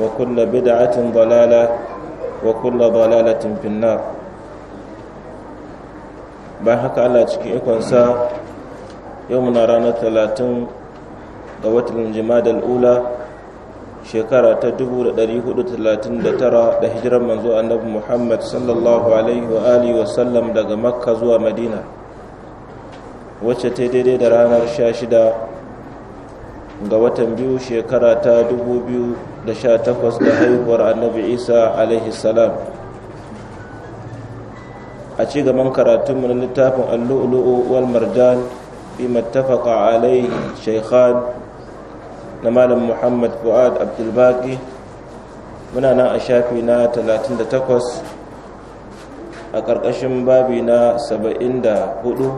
وكل بدعة ضلالة وكل balala tun النار bayan haka ala cikin ikonsa yau muna ranar talatin ga watan jimadal ula shekara ta dubu da dari hudu talatin da da tara hijirar manzo annabu muhammad sallallahu alaihi wa alihi wa sallam daga makka zuwa madina wacce ta daidai da ranar shida ga watan biyu shekara ta dubu biyu. da sha takwas da haihuwar annabi isa alaihi salam a ci gaban karatunmu na littafin allu'ulu'u wal marjan fi mattafaqa alaihi shaikhan na malam muhammad fuad abdulbaki muna nan a shafi na 38 a ƙarƙashin babi na 74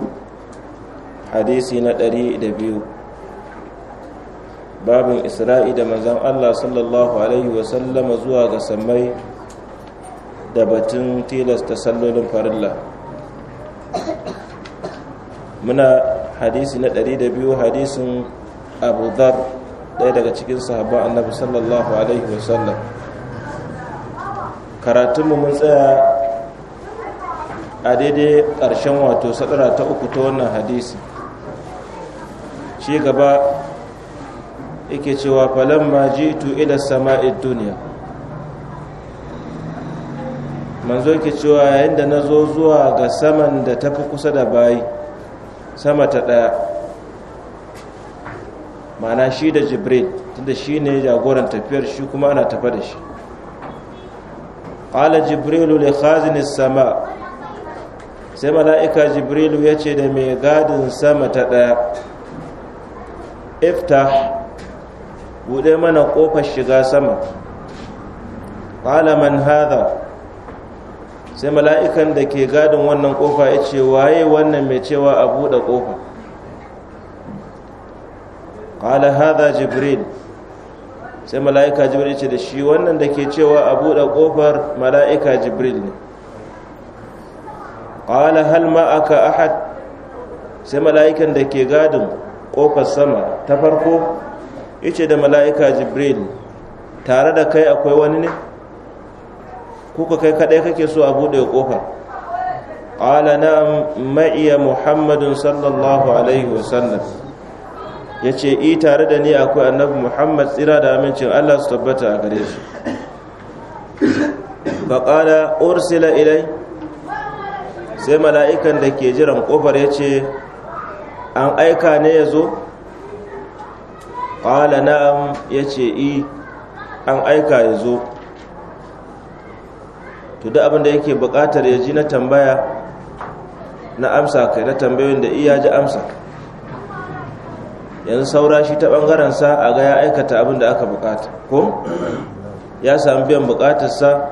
hadisi na 102 babin isra'i da manzan allah sallallahu alaihi wasallama zuwa ga samai da batun tilasta sallolin farilla muna hadisi na 200 hadisin abu dhar ɗaya daga cikin sahaba annabi sallallahu alaihi wasallam karatunmu mun tsaya a daidai ƙarshen wato sadara ta uku ta wannan hadisi shi gaba yake cewa falamma jitu ila sama'i duniya manzo yake cewa yayin da na zo zuwa ga saman da tafi kusa da bayi sama ta ɗaya mana shi da jibril tunda shi ne jagoran tafiyar shi kuma ana tafa da shi ƙala jibrilu li khazin sama sai mala'ika jibrilu ya ce da mai gadin sama ta ɗaya iftah buɗe mana kofar shiga sama ƙala man sai mala'ikan da ke gadin wannan ƙofa ya ce waye wannan mai cewa a buɗe ƙofa ƙala hada jibril sai mala'ika jibril ce da shi wannan da ke cewa a buɗe ƙofar mala'ika jibril ne ƙala hal aka ahad sai mala'ikan da ke gadin ƙofar sama ta farko yace da mala'ika jibril tare da kai akwai wani ne kuka kai kadai kake so a bude kofar qala na ma'iya muhammadun sallallahu alaihi wasallam yace i tare da ni akwai annabi muhammad tsira da amincin Allah su tabbata a gare shi faƙala ursila ilai sai mala'ikan da ke jiran ƙofar yace an aika ne yazo ƙala na ya ce i an aika ya zo to da abin da yake buƙatar ya ji na tambaya na amsa kai na tambayoyin da iya ji amsa yanzu saura shi ta ɓangarensa a ga ya aikata abin da aka buƙata ko ya sami biyan buƙatarsa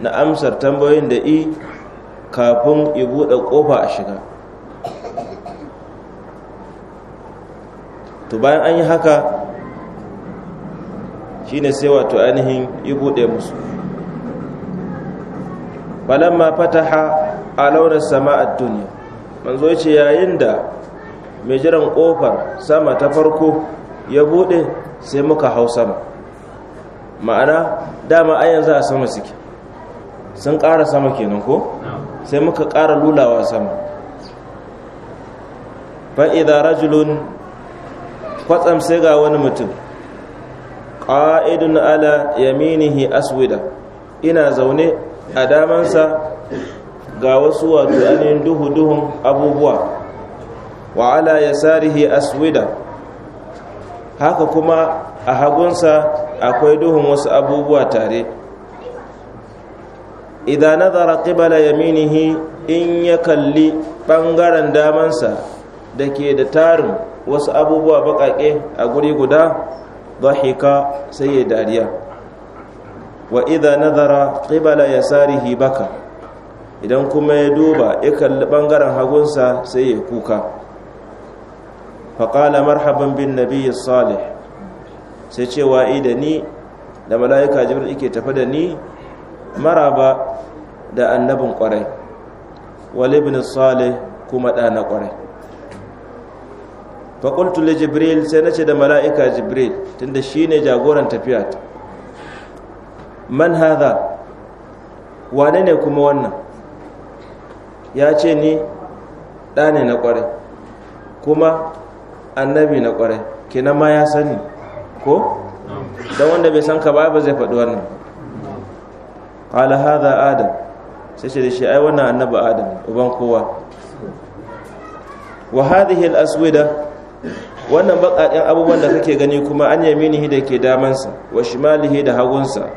na amsar tambayoyin da i kafin ibu da ƙofa a shiga to bayan an yi haka shi ne sai wato ainihin yi buɗe musu fata fataha a launar a duniya manzo ce yayin da mai jiran ƙofar sama ta farko ya buɗe sai muka hau sama ma'ana dama a yanzu a sama suke sun ƙara sama kenan ko sai muka ƙara lulawa sama fa'ida rajulun kwatsam sai ga wani mutum ƙa'idun ala yaminihi aswida ina zaune a damansa ga wasu wato ainihin duhu-duhun abubuwa wa ala sarihi aswida haka kuma a hagunsa akwai duhun wasu abubuwa tare idan nazara ƙibala yaminihi in ya kalli ɓangaren damansa da ke da tarin wasu abubuwa baƙaƙe a guri guda dhahika sai ya dariya wa idha nazara qibala yasarihi baka idan kuma ya duba ya kalli bangaren hagunsa sai ya kuka faƙala marhaban bin nabiyyi salih sai cewa da ni da mala'ika jibril yake tafi da ni maraba da annabin ƙwarai wal ibn salih kuma ɗana ƙwarai faƙultu le jibril sai na ce da mala'ika jibril tunda shi ne jagoran tafiya ta man haza wane ne kuma wannan ya ce ni ɗa ne na ƙwarai kuma annabi na ƙwarai kenan ma ya sani ko don wanda bai san ka ba ba zai faɗi wannan ƙala haza adam sai ce da shi ai wannan annaba adam uban kowa wa hadihil aswida wannan baƙaƙen abubuwan da kake gani kuma an yaminihi da ke damansa wa shimalihi da hagunsa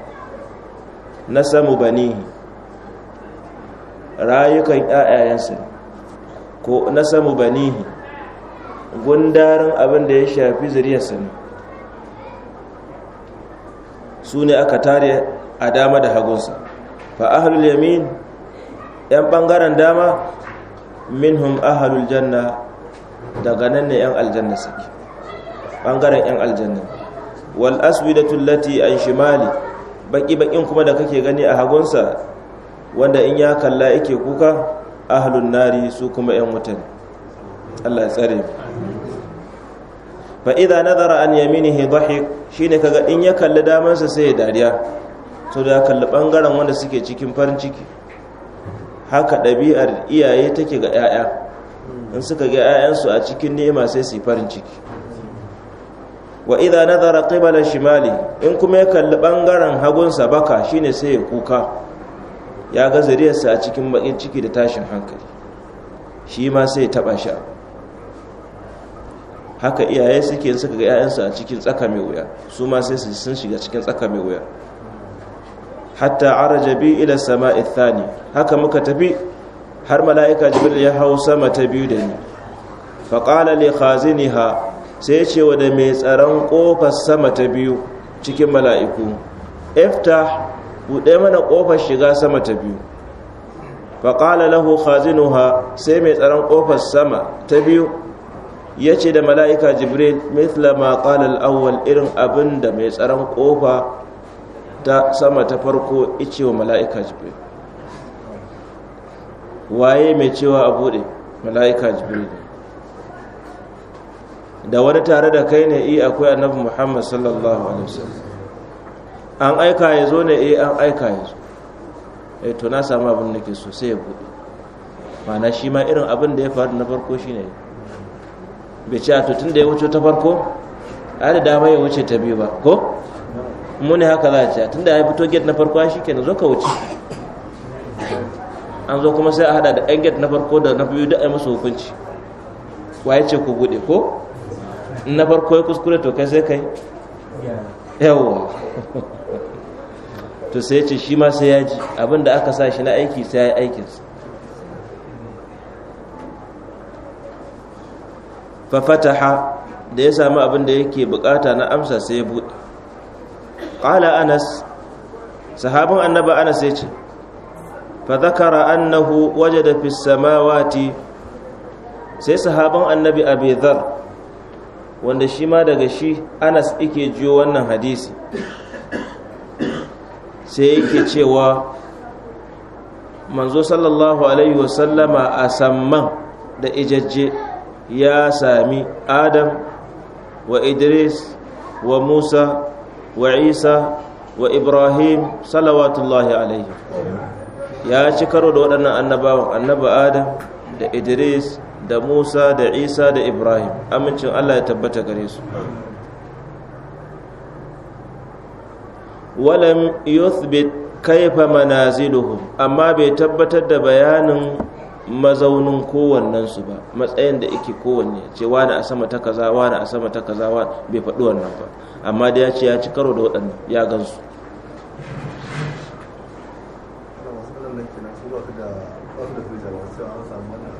na samu banihi rayukan ƴaƴayensa ko na samu banihi gundarin abin da ya shafi zuriyarsa ne su ne aka tare a dama da hagunsa fa ahalul yamin yan ɓangaren dama minhum ahlul janna daga nan ne yan aljanna suke bangaren yan aljanna wal aswidatu allati an shimali baki bakin kuma da kake gani a hagunsa wanda in ya kalla yake kuka ahlun nari su kuma yan wutan Allah ya tsare fa idza nazara an yaminihi dhahik shine kaga in ya kalli damansa sai ya dariya to da kalli bangaren wanda suke cikin farin ciki haka ɗabi'ar iyaye take ga 'ya'ya in suka ga 'ya'yansu a cikin nema sai su yi farin ciki wa idza nazara qibala shimali in kuma ya kalli bangaren hagunsa baka shine sai ya kuka ya ga zariyarsa a cikin bakin ciki da tashin hankali shi ma sai ya taba shi haka iyaye suke suka ga 'ya'yansu a cikin tsaka mai wuya su ma sai su sun shiga cikin tsaka mai wuya hatta arajabi ila sama'i thani haka muka tafi har mala'ika jibril ya hau sama ta biyu da ni faƙala li ha sai ce wa da mai tsaron ƙofar sama ta biyu cikin mala'iku ifta buɗe mana ƙofar shiga sama ta biyu faƙala lahu khazinuha sai mai tsaron ƙofar sama ta biyu ya ce da mala'ika jibril mithla ma ƙalal awwal irin abin da mai tsaron ƙofa ta sama ta farko ice wa mala'ika jibril waye mai cewa a bude mala'ika jibril da wani tare da kai ne i akwai annabi muhammad sallallahu alaihi wasallam an aika ya zo ne eh an aika ya zo eh to na samu abin nake ke so sai ya buɗe ma'ana shi ma irin abin da ya faru na farko shine bai ce a tutun tun da ya wuce ta farko a da dama ya wuce ta biyu ba ko mu ne haka za a ce tun da ya fito gate na farko shi kenan zo ka wuce an zo kuma sai a hada da yan gate na farko da na biyu da ai musu hukunci waye ce ku bude ko na farko ya kuskure to kai sai kai yawa to sai ce shi ma sai ya ji abinda aka sa shi na aiki sai ya aikinsa fafataha da ya sami abin da yake bukata na amsa sai ya buɗe ƙala anas sahabin annaba anas ya ce فذكر أنه وجد في السماوات sai sahaban annabi abizar wanda shi ma daga shi anas ike jiyo wannan hadisi sai yake cewa manzo sallallahu alaihi wasallama a samman da ijajje ya sami adam wa idris wa musa wa isa wa ibrahim salawatullahi alaihi ya ci karo da waɗannan annabawan Annabi adam da idris da musa da isa da ibrahim amincin allah ya tabbata gare su walam yuthbit kaifa manaziluhum amma bai tabbatar da bayanin mazaunin kowannensu ba matsayin da yake kowanne ce wani a sama ta kaza wani a sama ta kaza bai faɗi wannan ba amma da ya ce ya ci karo da waɗannan ya gansu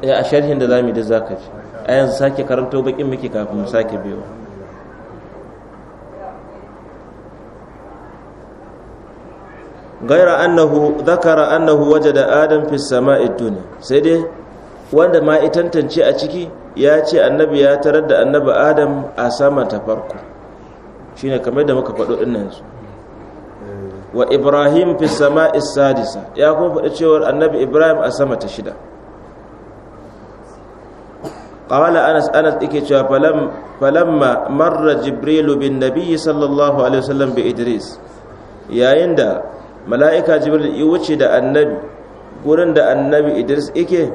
ya eh, a sharhin da zamu da zaka ji a yanzu sake karanto bakin muke kafin mu sake biyo gaira annahu zakara annahu wajada adam fi sama'i dunya sai dai wanda ma ya tantance a ciki ya ce annabi ya tarar da annabi adam a sama ta farko shine kamar da muka fado din yanzu wa ibrahim fi sama'i sadisa ya kuma fada cewar annabi ibrahim a sama ta shida qala anas anas yake cewa falam marra jibrilu bin nabiyyi sallallahu bi idris yayin da mala'ika jibril ya da annabi gurin da annabi idris yake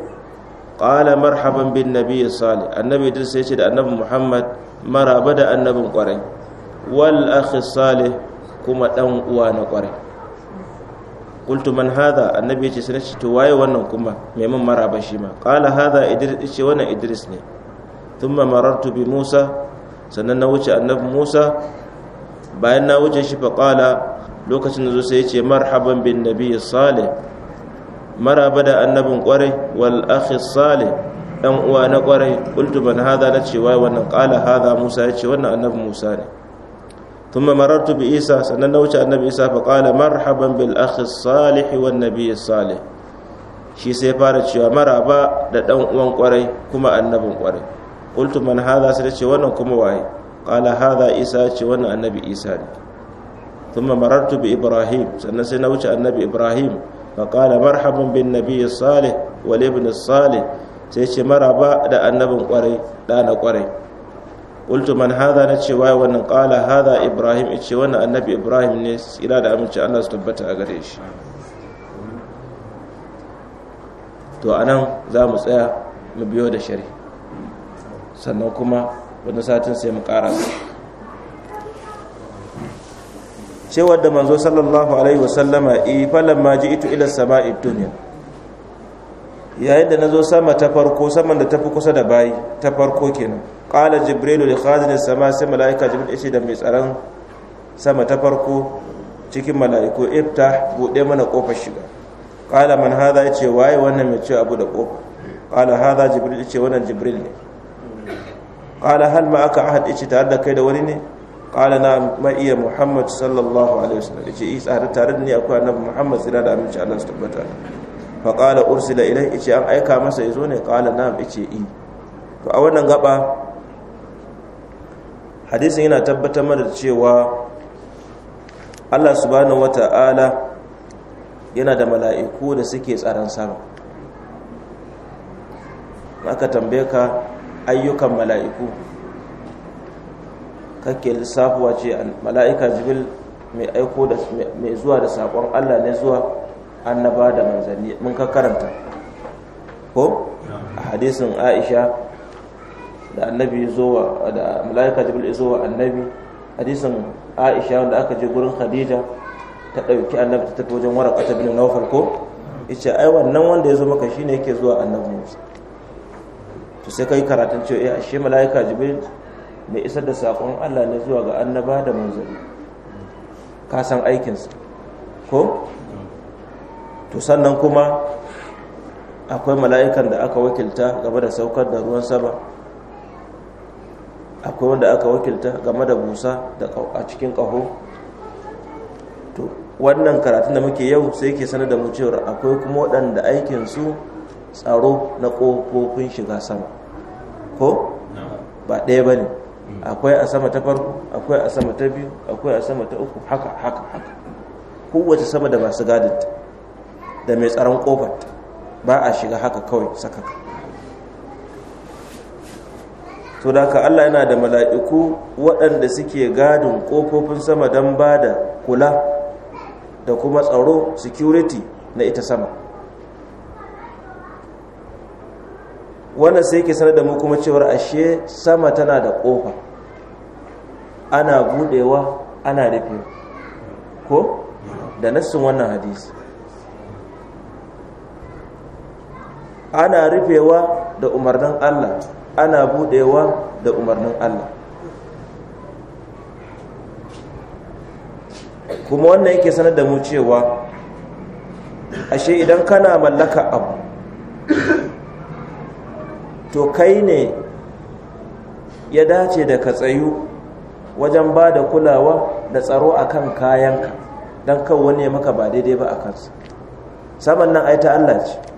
qala marhaban bin nabiyyi salih annabi idris ya ce da annabi muhammad maraba da annabin kwarai wal salih kuma ɗan uwa na kwarai qultu man annabi ya sai ce to waye wannan kuma mai mun maraba shi ma qala hadha idris idris ne thumma marartu bi musa sannan na wuce annabi musa bayan na wuce shi fa qala lokacin da zo yace marhaban bin nabiy salih maraba da annabin kwarai wal akhi dan uwa na kwarai qultu man hadha wannan musa musa ne ثم مررت بعيسى سنن وجه النبي عيسى فقال مرحبا بالاخ الصالح والنبي الصالح shi sai fara cewa maraba da ɗan uwan kwarai kuma annabin kwarai qultu man hadha sai ce wannan kuma waye qala hadha isa ce wannan annabi isa ne thumma marartu bi ibrahim sannan sai na wuce annabi ibrahim fa qala marhaban bin nabiy salih wal ibn salih sai ce maraba da annabin kwarai da na kwarai qultu man hadha na ce waye wannan ƙala hadha ibrahim ya ce wannan annabi ibrahim ne tsira da aminci Allah su tabbata a gare shi to a nan za mu tsaya mu biyo da shari sannan kuma wani satin sai mu ƙara cewar da manzo sallallahu alaihi wasallama i falamma ji'tu ila sama'i dunya yayin da nazo sama ta farko saman da tafi kusa da bayi ta farko kenan qala jibrilu li khazin sama sai malaika jibril yace da mai tsaron sama ta farko cikin malaiku ifta bude mana kofar shiga qala man hadha yace waye wannan mai ce abu da kofa qala hadha jibril yace wannan jibril ne qala hal ma aka ahad yace tare da kai da wani ne qala na ma iya muhammad sallallahu alaihi wasallam yace isa tare da ni akwai annabi muhammad sallallahu da wasallam Allah su faƙala ursula ilai ice an aika masa ya zo ne ƙala na ice i to a wannan gaba hadisin yana tabbatar mana cewa allah subhanahu wata'ala yana da mala'iku da suke tsaron sama aka tambaye ka ayyukan mala'iku kake lissafuwa ce mala'ika jibil mai mai zuwa da saƙon allah ne zuwa annaba da manzanni mun ka karanta ko a hadisin aisha da annabi zuwa da malaika jibril zuwa annabi hadisin aisha wanda aka je gurin khadija ta dauki annabi ta tafi wajen waraka ta bin nawfal ko yace ai wannan wanda ya zo maka shine yake zuwa annabi musa to sai kai karatun cewa eh ashe malaika jibril mai isar da saƙon Allah ne zuwa ga annaba da manzanni ka san aikinsa ko to sannan kuma akwai mala'ikan da aka wakilta game da saukar da ruwan sama akwai wanda aka wakilta game da busa a cikin ƙaho to wannan karatun da muke yau sai ke sanar da mu cewar akwai kuma waɗanda aikinsu tsaro na ƙofofin shiga sama ko ba ɗaya ba ne akwai a sama ta farko akwai a sama ta biyu akwai a sama ta uku haka haka haka kowace sama da masu gadinta da mai tsaron kofar ba a shiga haka kawai sakaka to da haka Allah yana da mala'iku waɗanda suke gadin ƙofofin sama don ba da kula da kuma tsaro security na ita sama wannan sai ke sanar da mu kuma cewar ashe sama tana da ƙofa ana budewa ana rufe ko da nassin wannan hadisi ana rufewa da umarnin Allah ana budewa da umarnin Allah kuma wannan yake sanar da mu cewa ashe idan kana mallaka abu to kai ne ya dace da ka tsayu wajen ba da kulawa da tsaro a akan kayanka don kan wani ya maka ba daidai ba a kansa saman nan ai ta Allah ce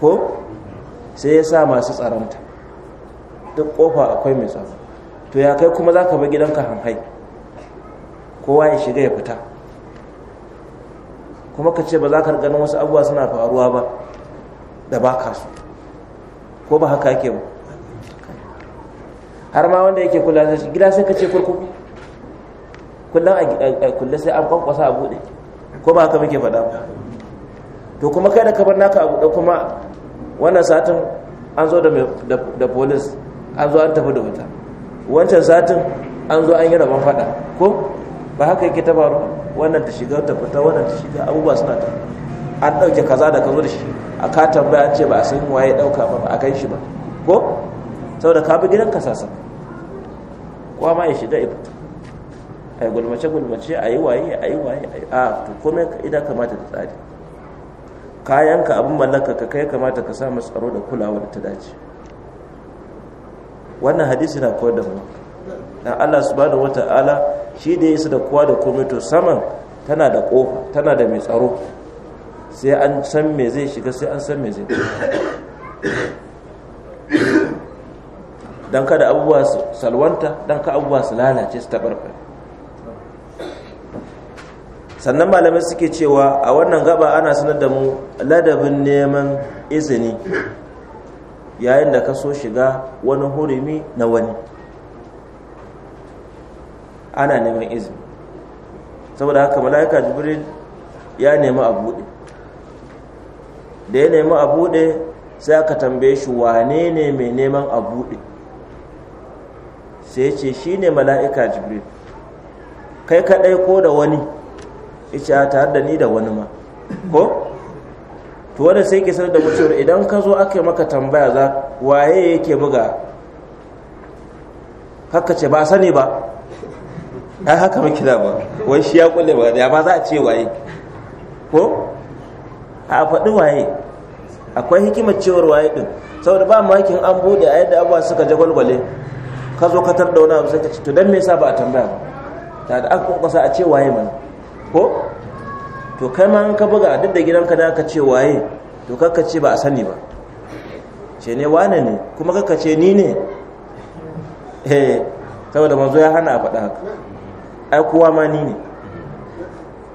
ko sai ya sa masu tsaranta duk kofa akwai mai tsaro to ya kai kuma za ka bar gidanka hanhai kowa ya shiga ya fita kuma ka ce ba za ka ganin wasu abubuwa suna faruwa ba da ba ka su ko ba haka ke ba har ma wanda yake kula sai gida sai ka ce kurkuku kullum a kulle sai an kwankwasa a bude ko ba haka muke faɗa ba to kuma kai da kabar naka a buɗe kuma wannan satin an zo da polis an zo an tafi da wuta wancan satin an zo an yi rabon fada ko ba haka yake ta faru wannan ta shiga ta fita wannan ta shiga abubuwa suna ta an ɗauke kaza da ka zo da shi a ka tambaya an ce ba a san waye ɗauka ba a kai shi ba ko saboda ka bi gidan ka sasa kwa ma ya shiga ya fita a gulmace gulmace a waye a waye a to komai idan kamata ta tsari kayanka abin mallaka ka kai kamata ka sa tsaro da kulawa da ta dace wannan hadisi na koyar da mu dan Allah subhanahu ala shi da yasa da kowa da komai to saman tana da kofa tana da mai tsaro sai an san me zai shiga sai an san me zai dan kada abubuwa salwanta dan ka abubuwa su lalace su tabarbare sannan malamai suke cewa a wannan gaba ana sanar da mu ladabin neman izini yayin da ka so shiga wani hurumi na wani ana neman izini saboda haka mala'ika jibril ya nemi a buɗe da ya nemi a buɗe sai aka tambaye shi wane ne mai neman a buɗe sai ce shi ne mala'ika jibril kai kaɗai ko da wani ita a tare da ni da wani ma ko to wanda sai ke sanar da mu cewa idan ka zo aka yi maka tambaya za waye yake buga haka ce ba sani ba ai haka muke da ba wai shi ya kulle ba da ba za a ce waye ko a faɗi waye akwai hikimar cewar waye din saboda ba makin an bude a yadda abuwa suka je gwalgwale ka zo katar da wani abu sai ka ci, to dan me yasa ba a tambaya ba ta da aka kokosa a ce waye mana ko to kai ma in ka buga duk da gidanka da ka ce waye to kakka ce ba a sani ba ce ne wane ne kuma kakka ce ni ne eh saboda manzo ya hana a faɗa haka ai kowa ma ni ne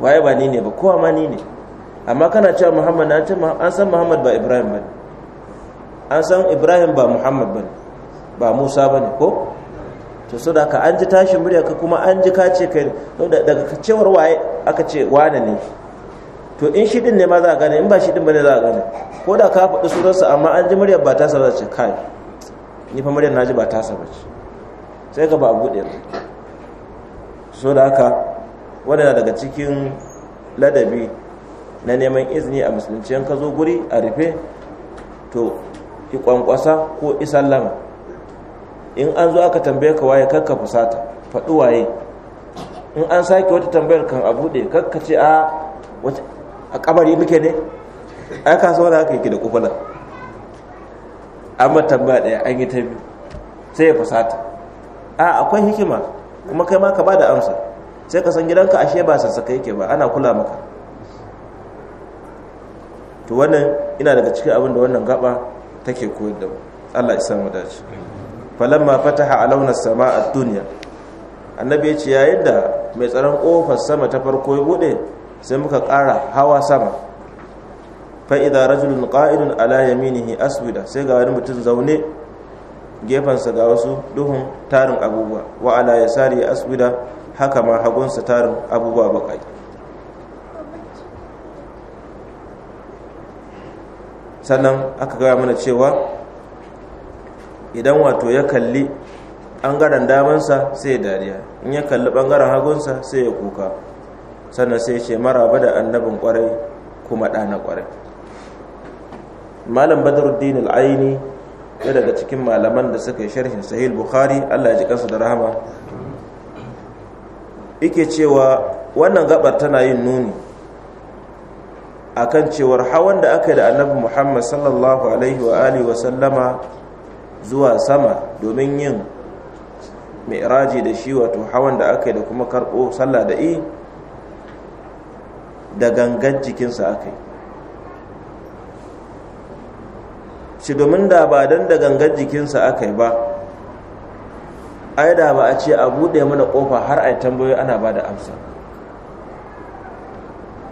waye ba ni ne ba kowa ma ni ne amma kana cewa muhammad na ce an san muhammad ba ibrahim ba an san ibrahim ba muhammad ba ba musa ba ne ko to so da ka an ji tashin murya ka kuma an ji ka ce kai daga cewar waye aka ce wane ne to in shi din ne ma za a gane in ba shi din ne za a gane ko da ka faɗi sunansa amma an ji muryar ba ta sa ce kai ni fa muryar ji ba ta sa ba ce sai ka ba a buɗe so da haka wanda daga cikin ladabi na neman izini a musulunci ka zo guri a rufe to ki kwankwasa ko isallama in an zo aka tambaye ka waye kakka fusata faɗi waye in an sake wata tambayar kan a buɗe kakka ce a a kabari muke ne ai ka saura haka yake da kufala amma tambaya ɗaya an yi ta biyu sai ya fusata a akwai hikima kuma kai ma ka ba da amsa sai ka san gidanka ashe ba sassaka yake ba ana kula maka to wannan ina daga cikin abin da wannan gaba take koyar da mu Allah ya samu dace falamma fataha alawna sama a duniya annabi ya ce yayin da mai tsaron kofar sama ta farko ya bude sai muka kara hawa sama fa idza rajulun qa'idun ala yaminihi aswida sai ga wani mutum zaune sa ga wasu duhun tarin abubuwa wa ala yasari aswida haka ma hagunsa tarin abubuwa bakai sannan aka gaya mana cewa idan wato ya kalli ɓangaren damansa sai ya dariya in ya kalli ɓangaren hagunsa sai ya kuka sannan sai ce maraba da annabin kwarai kuma ɗana kwarai malam badruddin al'aini ya daga cikin malaman da suka yi sharhin sahih bukhari allah ya ji kansa da rahama Ike cewa wannan gabar tana yin nuni akan cewar hawan da aka yi da annabi muhammad sallallahu alaihi wa alihi wa sallama zuwa sama domin yin mi'raji da shi wato hawan da aka yi da kuma karɓo sallah da yi da gangan jikinsa aka yi shi domin da ba don da gangan jikinsa aka yi ba ai da ba a ce a buɗe mana ƙofa har a yi tambayoyi ana ba da amsa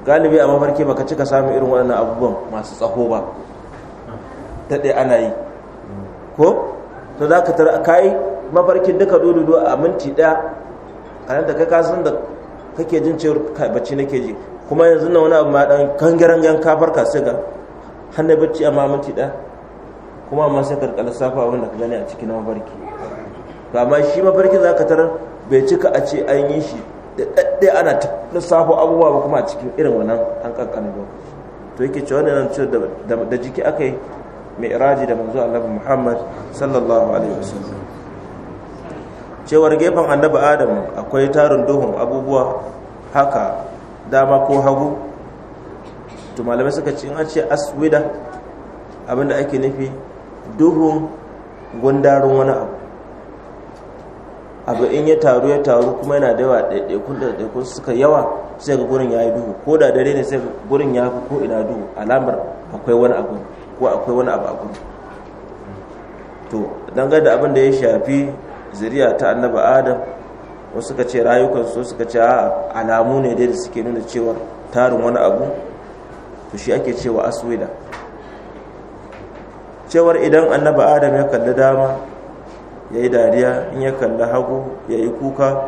galibi a mafarki baka cika samun irin waɗannan abubuwan masu tsaho ba daɗe ana yi ko to za ka tara kai mafarkin duka dododo a minti ɗaya a nan da kai kasan da kake jin cewar bacci nake ji kuma yanzu na wani abu ma dan kangaren ka sai ga hannun bacci amma minti ɗaya kuma amma sai karkar safa wanda ka gani a cikin mafarki to amma shi mafarki za ka tarar bai cika a ce an yi shi da ɗaɗɗe ana lissafo abubuwa ba kuma a cikin irin wannan an kankanin lokaci to yake cewa wannan cewa da jiki aka yi mi'raji da manzo annabi Muhammad sallallahu alaihi wasallam cewar gefen annabi Adam akwai tarin duhun abubuwa haka dama ko hagu to malamai suka ce in an ce aswida abinda ake nufi duhun gundarin wani abu abu in ya taru ya taru kuma yana da yawa da ɗaiɗaikun suka yawa sai ga gurin ya yi duhu ko da dare ne sai gurin ya fi ko ina duhu alamar akwai wani abu ko akwai wani abu a to to dangane da abin da ya shafi zuriya ta annaba adam wasu suka ce rayukansu suka ce alamu ne dai da suke nuna cewar tarin wani abu to shi ake cewa aswida cewar idan annaba adam ya kalli dama ya yi dariya in ya kalli hagu ya yi kuka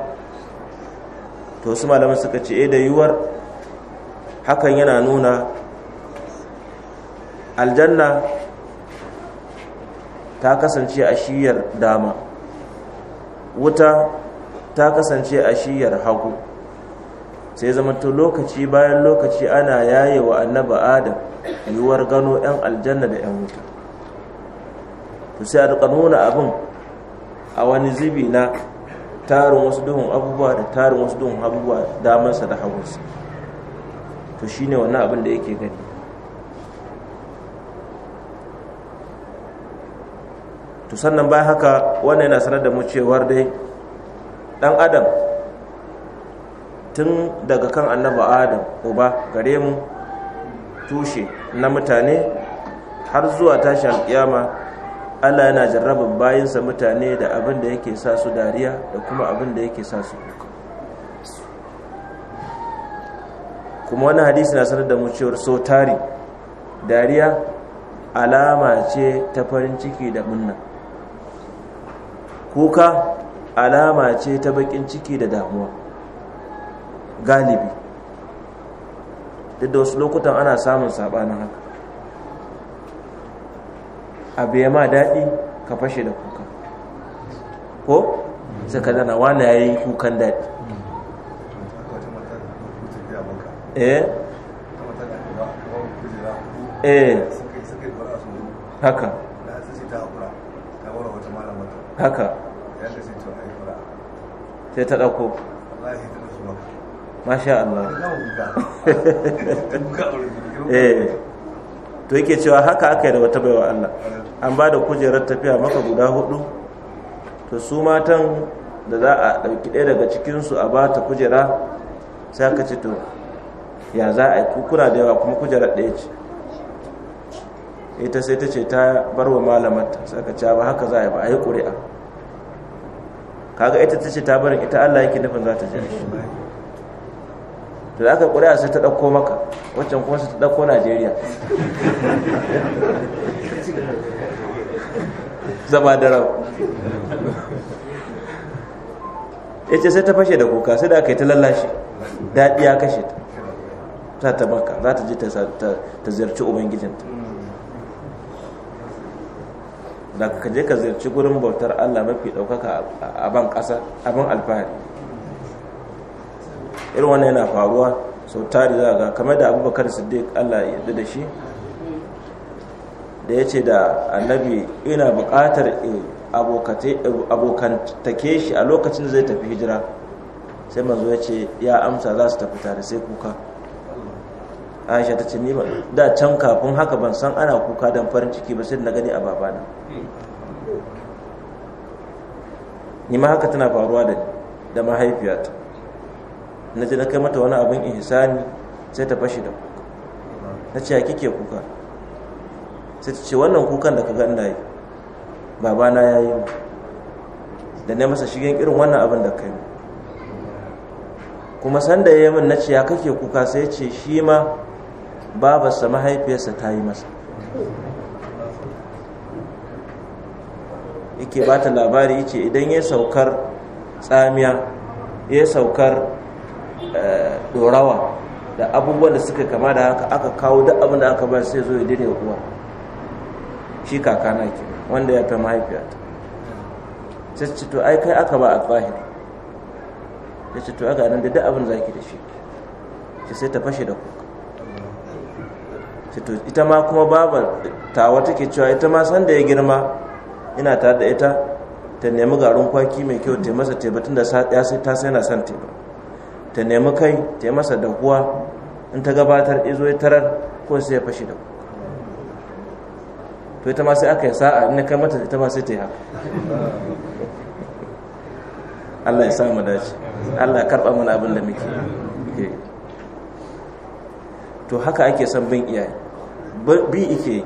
to su malaman suka ce eh, da yiwuwar hakan yana nuna aljanna ta kasance a shiyar dama wuta ta kasance a shiyar hagu sai zamanta lokaci bayan lokaci ana yaye wa annaba adam yiwuwar gano 'yan aljanna da 'yan wuta to sai a nuna abin a wani zibi na tarin wasu duhun abubuwa da tarin wasu duhun abubuwa damansa da hagunsa to shine wannan abin da yake gani to sannan bayan haka wannan yana sanar da mu cewar dai dan adam tun daga kan annaba adam uba gare mu tushe na mutane har zuwa tashi alkiyama allah yana jarrabin bayansa mutane da abin da yake sa su dariya da kuma abin da yake sa su kuma wani hadisi na sanar da mu cewar so tari dariya alama ce ta farin ciki da munna kuka alama ce ta bakin ciki da damuwa galibi duk da wasu lokutan ana samun sabanin haka abu ya ma daɗi ka fashe da kuka ko sai ka zana wani ya yi kukan daɗi eh, eh. haka haka sai ta ɗauko masha Allah eh. to yake cewa haka aka yi da wata baiwa Allah an ba da kujerar tafiya maka guda hudu to su matan da za a ɗauki ɗaya daga cikinsu a ba ta kujera sai aka ce to ya za a yi kuna da yawa kuma kujerar ɗaya ce ita sai ta ce ta bar wa sai aka ce ba haka za a yi ba a yi ƙuri'a kaga ita ta ce ta barin ita Allah yake nufin za ta je to da aka ƙuri'a sai ta ɗauko maka wancan kuma sai ta ɗauko Najeriya zama da rau ya ce sai ta fashe da kuka sai da aka yi ta lallashi daɗi ya kashe ta ta ta maka za ta je ta ziyarci ubangijinta da ka je ka ziyarci gurin bautar Allah mafi ɗaukaka a ban ƙasa abin alfahari irin wannan yana faruwa sau tari za ga kamar da abubakar siddiq Allah ya yarda da shi da ya ce da annabi ina buƙatar abokantake shi a lokacin da zai tafi hijira sai manzo ya ce ya amsa za su tafi tare sai kuka aisha ta ce ni ba da can kafin haka ban san ana kuka don farin ciki ba sai na gani a babana ni ma haka tana faruwa da da mahaifiyata na ji na kai mata wani abin ihsani sai ta fashi da kuka na ce ya kike kuka sai ta ce wannan kukan da ka ga ina yi babana ya yi da na masa shigen irin wannan abin da kai kuma sanda ya yi min na ce ya kake kuka sai ce shi ma babarsa mahaifiyarsa ta yi masa yake ba ta labari yace idan ya saukar tsamiya ya saukar dorawa eh, da abubuwan da suka kama da haka aka kawo duk abin da aka ba sai zo ya dire uwa shi kakana ke wanda ya fi mahaifiyarta ta ce to ai kai aka ba a tsahiri ya ce to aka nan da duk abin zaki da shi sai ta fashe da kuka fito ita ma kuma baban tawa take cewa ita ma sanda ya girma ina tare da ita ta nemi garin kwaki mai kyau ta masa teba tun da ya sai ta sai na san teba ta nemi kai ta masa dahuwa in ta gabatar izo ya tarar ko sai ya fashi da to ita ma sai aka yi sa'a ina kai mata ita ma sai ta yi haka Allah ya sa mu dace Allah ya karba mana abin da muke eh. to haka ake son bin iyaye bi ike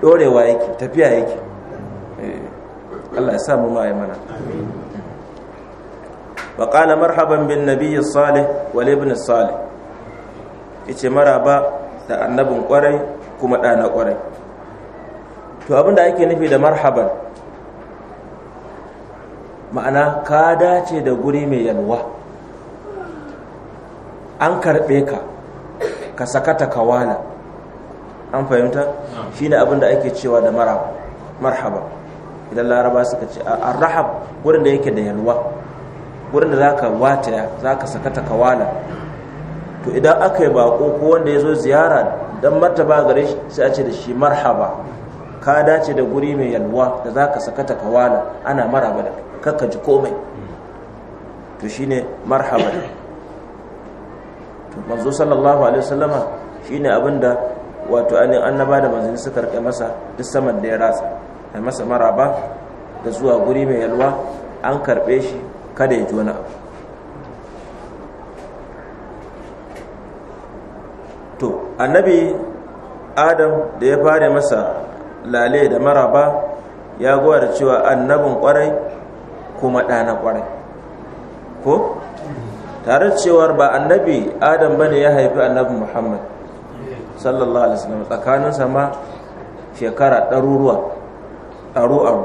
dorewa yake tafiya yake eh, Allah ya sa mu mana wa marhaban bin nabiyyi salih wal ibn salih yace maraba da annabin kwarai kuma da na kwarai to abinda ake nufi da marhaban ma'ana ka dace da guri mai yalwa an karbe ka ka sakata kawana an fahimta shi ne abinda ake cewa da marhaba idan laraba suka ce a rahab wurin da yake da yalwa wurin da za zaka wataya ka sakata kawana to idan aka yi bako ko wanda ya zo ziyara don martaba gare shi sai a ce da shi marhaba ka dace da guri mai yalwa da za ka sakata kawana ana maraba da kakka ji komai to shi ne marhaba manzo sallallahu alaihi wasallama shine abinda wato anin annaba da manzo suka rike masa duk saman da ya ratsa ai masa maraba da zuwa guri mai yalwa an karbe shi kada ya ji wani abu to annabi adam da ya fara masa lale da maraba ya goya da cewa annabin kwarai kuma ɗana kwarai ko tare cewa cewar ba annabi adam bane ya haifi annabi muhammad sallallahu alaihi wasallam tsakanin sama shekara ɗaruruwa aro aro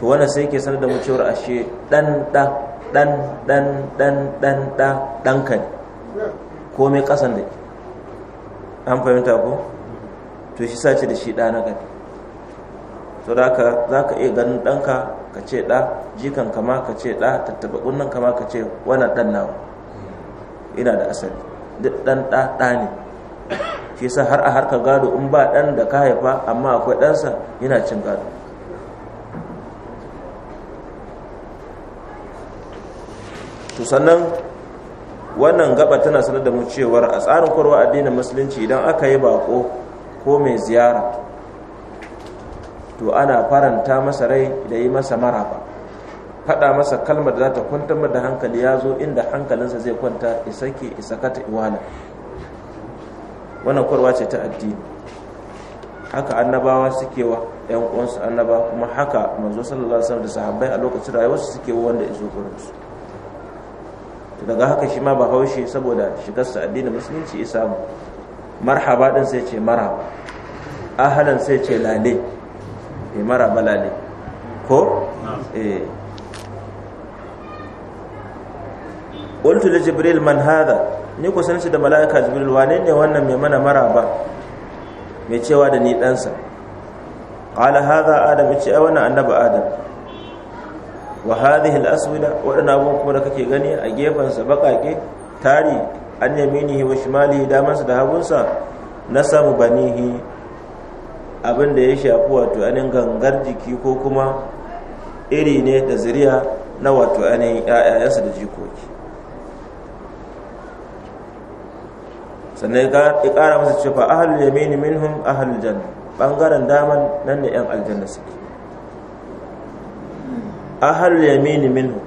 to wannan sai ke sanar da mu cewar ashe dan da dan dan dan dan da dan kan mai kasan da an fahimta ko to shi sace da shi ɗa na gani to za ka iya ganin ɗanka ka ce ɗa jikan kama ka ce ɗa tattaba ƙunnan kama ka ce wannan ɗan nawa ina da asali duk ɗan ɗa ɗa ne shi sa har a harka gado in ba ɗan da ka haifa amma akwai ɗansa yana cin gado to sannan wannan gaba tana sanar da mu cewar a tsarin kwarwa addinin musulunci idan aka yi bako ko mai ziyara to ana faranta masa rai da yi masa maraba faɗa masa kalmar da za ta kwantar da hankali ya zo inda hankalinsa zai kwanta isake isakata iwala wannan kwarwa ce ta addini haka annabawa suke wa yan uwansu annaba kuma haka manzo sallallahu alaihi wasallam da sahabbai a lokacin rayuwarsu suke wa wanda ya zo to daga haka shi ma ba haushe saboda shigarsa addinin musulunci ya samu marhaba din sai ce marhaba ahalan sai ce lalai e mara balale ko eh. qultu li jibril man ni ku san da mala'ika jibril wane ne wannan mai mana mara ba? mai cewa da ni ɗansa qala hadha adam ce a wannan annabi adam wa hadhihi al-aswida waɗannan abubuwan kuma da kake gani a gefensa baƙaƙe tari an yaminihi wa shimalihi damansa da hagunsa samu banihi abin da ya shafi wato anin gangar jiki ko kuma iri ne da zuriya na wato anin ‘ya'yayensa da jikoki sannan ya kara masa cewa ahalul yamini minhum ahalul janna bangaren daman nan ne ‘yan aljanna suke ahalul yamini minhum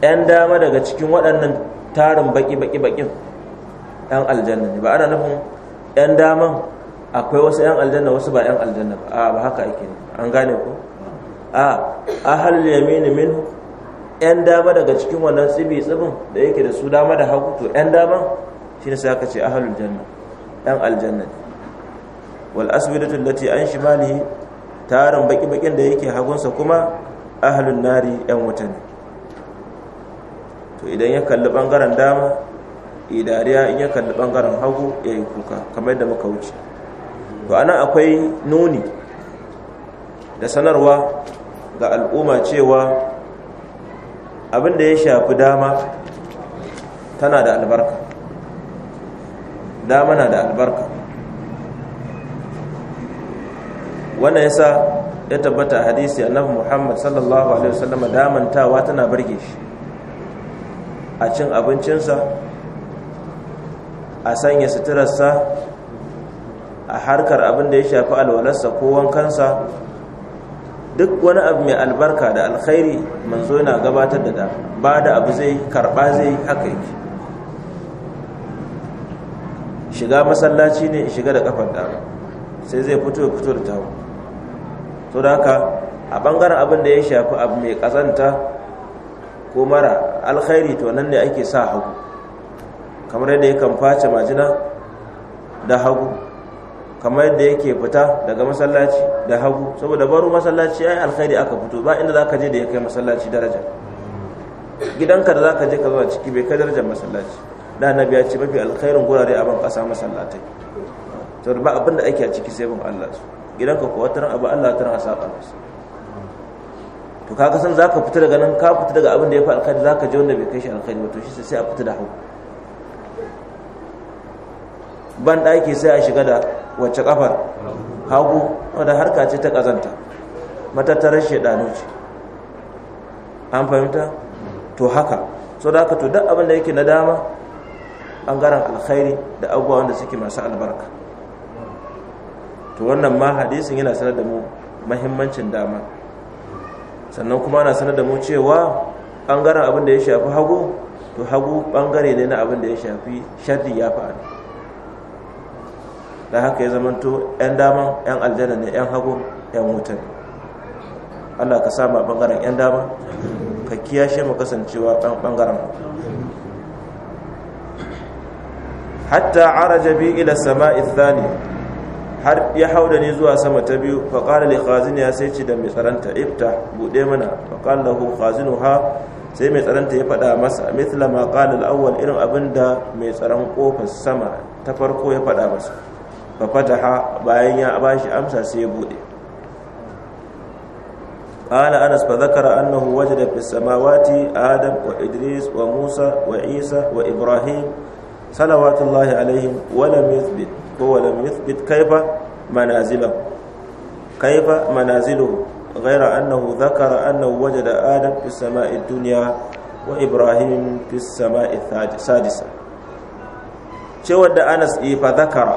‘yan dama daga cikin waɗannan tarin baki-baki-bakin ‘yan aljanna ne ba ana nufin ‘yan daman akwai wasu 'yan aljanna wasu ba 'yan aljanna ba a ba haka ake an gane ku a ahalul yamini min 'yan dama daga cikin wannan tsibi tsibin da yake da su dama da hagu to 'yan dama shine sai aka ce ahalul janna 'yan aljanna wal asbidatu allati an shimalihi tarin baki bakin da yake hagunsa kuma ahalun nari 'yan wuta ne to idan ya kalli bangaren dama idariya in ya kalli bangaren hagu ya yi kuka kamar yadda muka wuce to anan akwai nuni da sanarwa ga al'umma cewa abin ya shafi dama tana da albarka dama na da albarka wannan yasa ya tabbata hadisi annabi muhammad sallallahu alaihi wasallam damantawa tana birge shi a cin abincinsa a sanya suturarsa a harkar abin da ya shafi alwalarsa ko wankansa duk wani abu mai albarka da alkhairi manzo na gabatar da da ba da abu zai karba zai haka yake shiga masallaci ne shiga da kafar da sai zai fito ya fito da tawo to da haka a bangaren abin da ya shafi abu mai kazanta ko mara alkhairi to nan ne ake sa hagu kamar yadda yakan face majina da hagu kamar yadda yake fita daga masallaci da hagu saboda baro masallaci ai alkhairi aka fito ba inda zaka je da yake masallaci daraja gidanka da zaka je ka zauna ciki bai kai darajar masallaci da annabi ya ce mafi alkhairin gurare a ban kasa masallatai saboda ba abin da ake a ciki sai bin Allah su gidanka kuwa taran abu Allah ta rasa saba to kaga san zaka fita daga nan ka fita daga abin da ya fi alkhairi zaka je wanda bai kai shi alkhairi ba to shi sai a fita da hagu ban daki sai a shiga da wacce kafar hagu wadda harka ce ta kazanta matattarar shaidanu ce an fahimta to haka so da haka to duk abin da yake na dama bangaren alkhairi da abubuwa wanda suke masu albarka to wannan ma hadisin yana sanar da mu mahimmancin dama sannan kuma na sanar da mu cewa bangaren abin da ya shafi hagu to hagu ɓangare ne na abin da ya shafi sharri ya fa'ada da haka ya zamanto 'yan daman 'yan aljanna ne 'yan hagu 'yan wutan allah ka sama bangaren 'yan dama ka kiyashe mu kasancewa bangaren hatta araja bi ila sama'i thani har ya hauda ni zuwa sama ta biyu fa qala li ya sai ci da mai tsaranta ifta bude mana fa qala lahu ha sai mai tsaranta ya faɗa masa mithla ma qala al-awwal irin abinda mai tsaron kofar sama ta farko ya faɗa masa fa fataha bayan ya bashi amsa sai ya bude قال أنس فذكر أنه وجد في السماوات آدم وإدريس وموسى وعيسى وإبراهيم صلوات الله عليهم ولم يثبت ولم يثبت كيف منازله كيف منازله غير أنه ذكر أنه وجد آدم في السماء الدنيا وإبراهيم في السماء السادسة شو ود أنس فذكر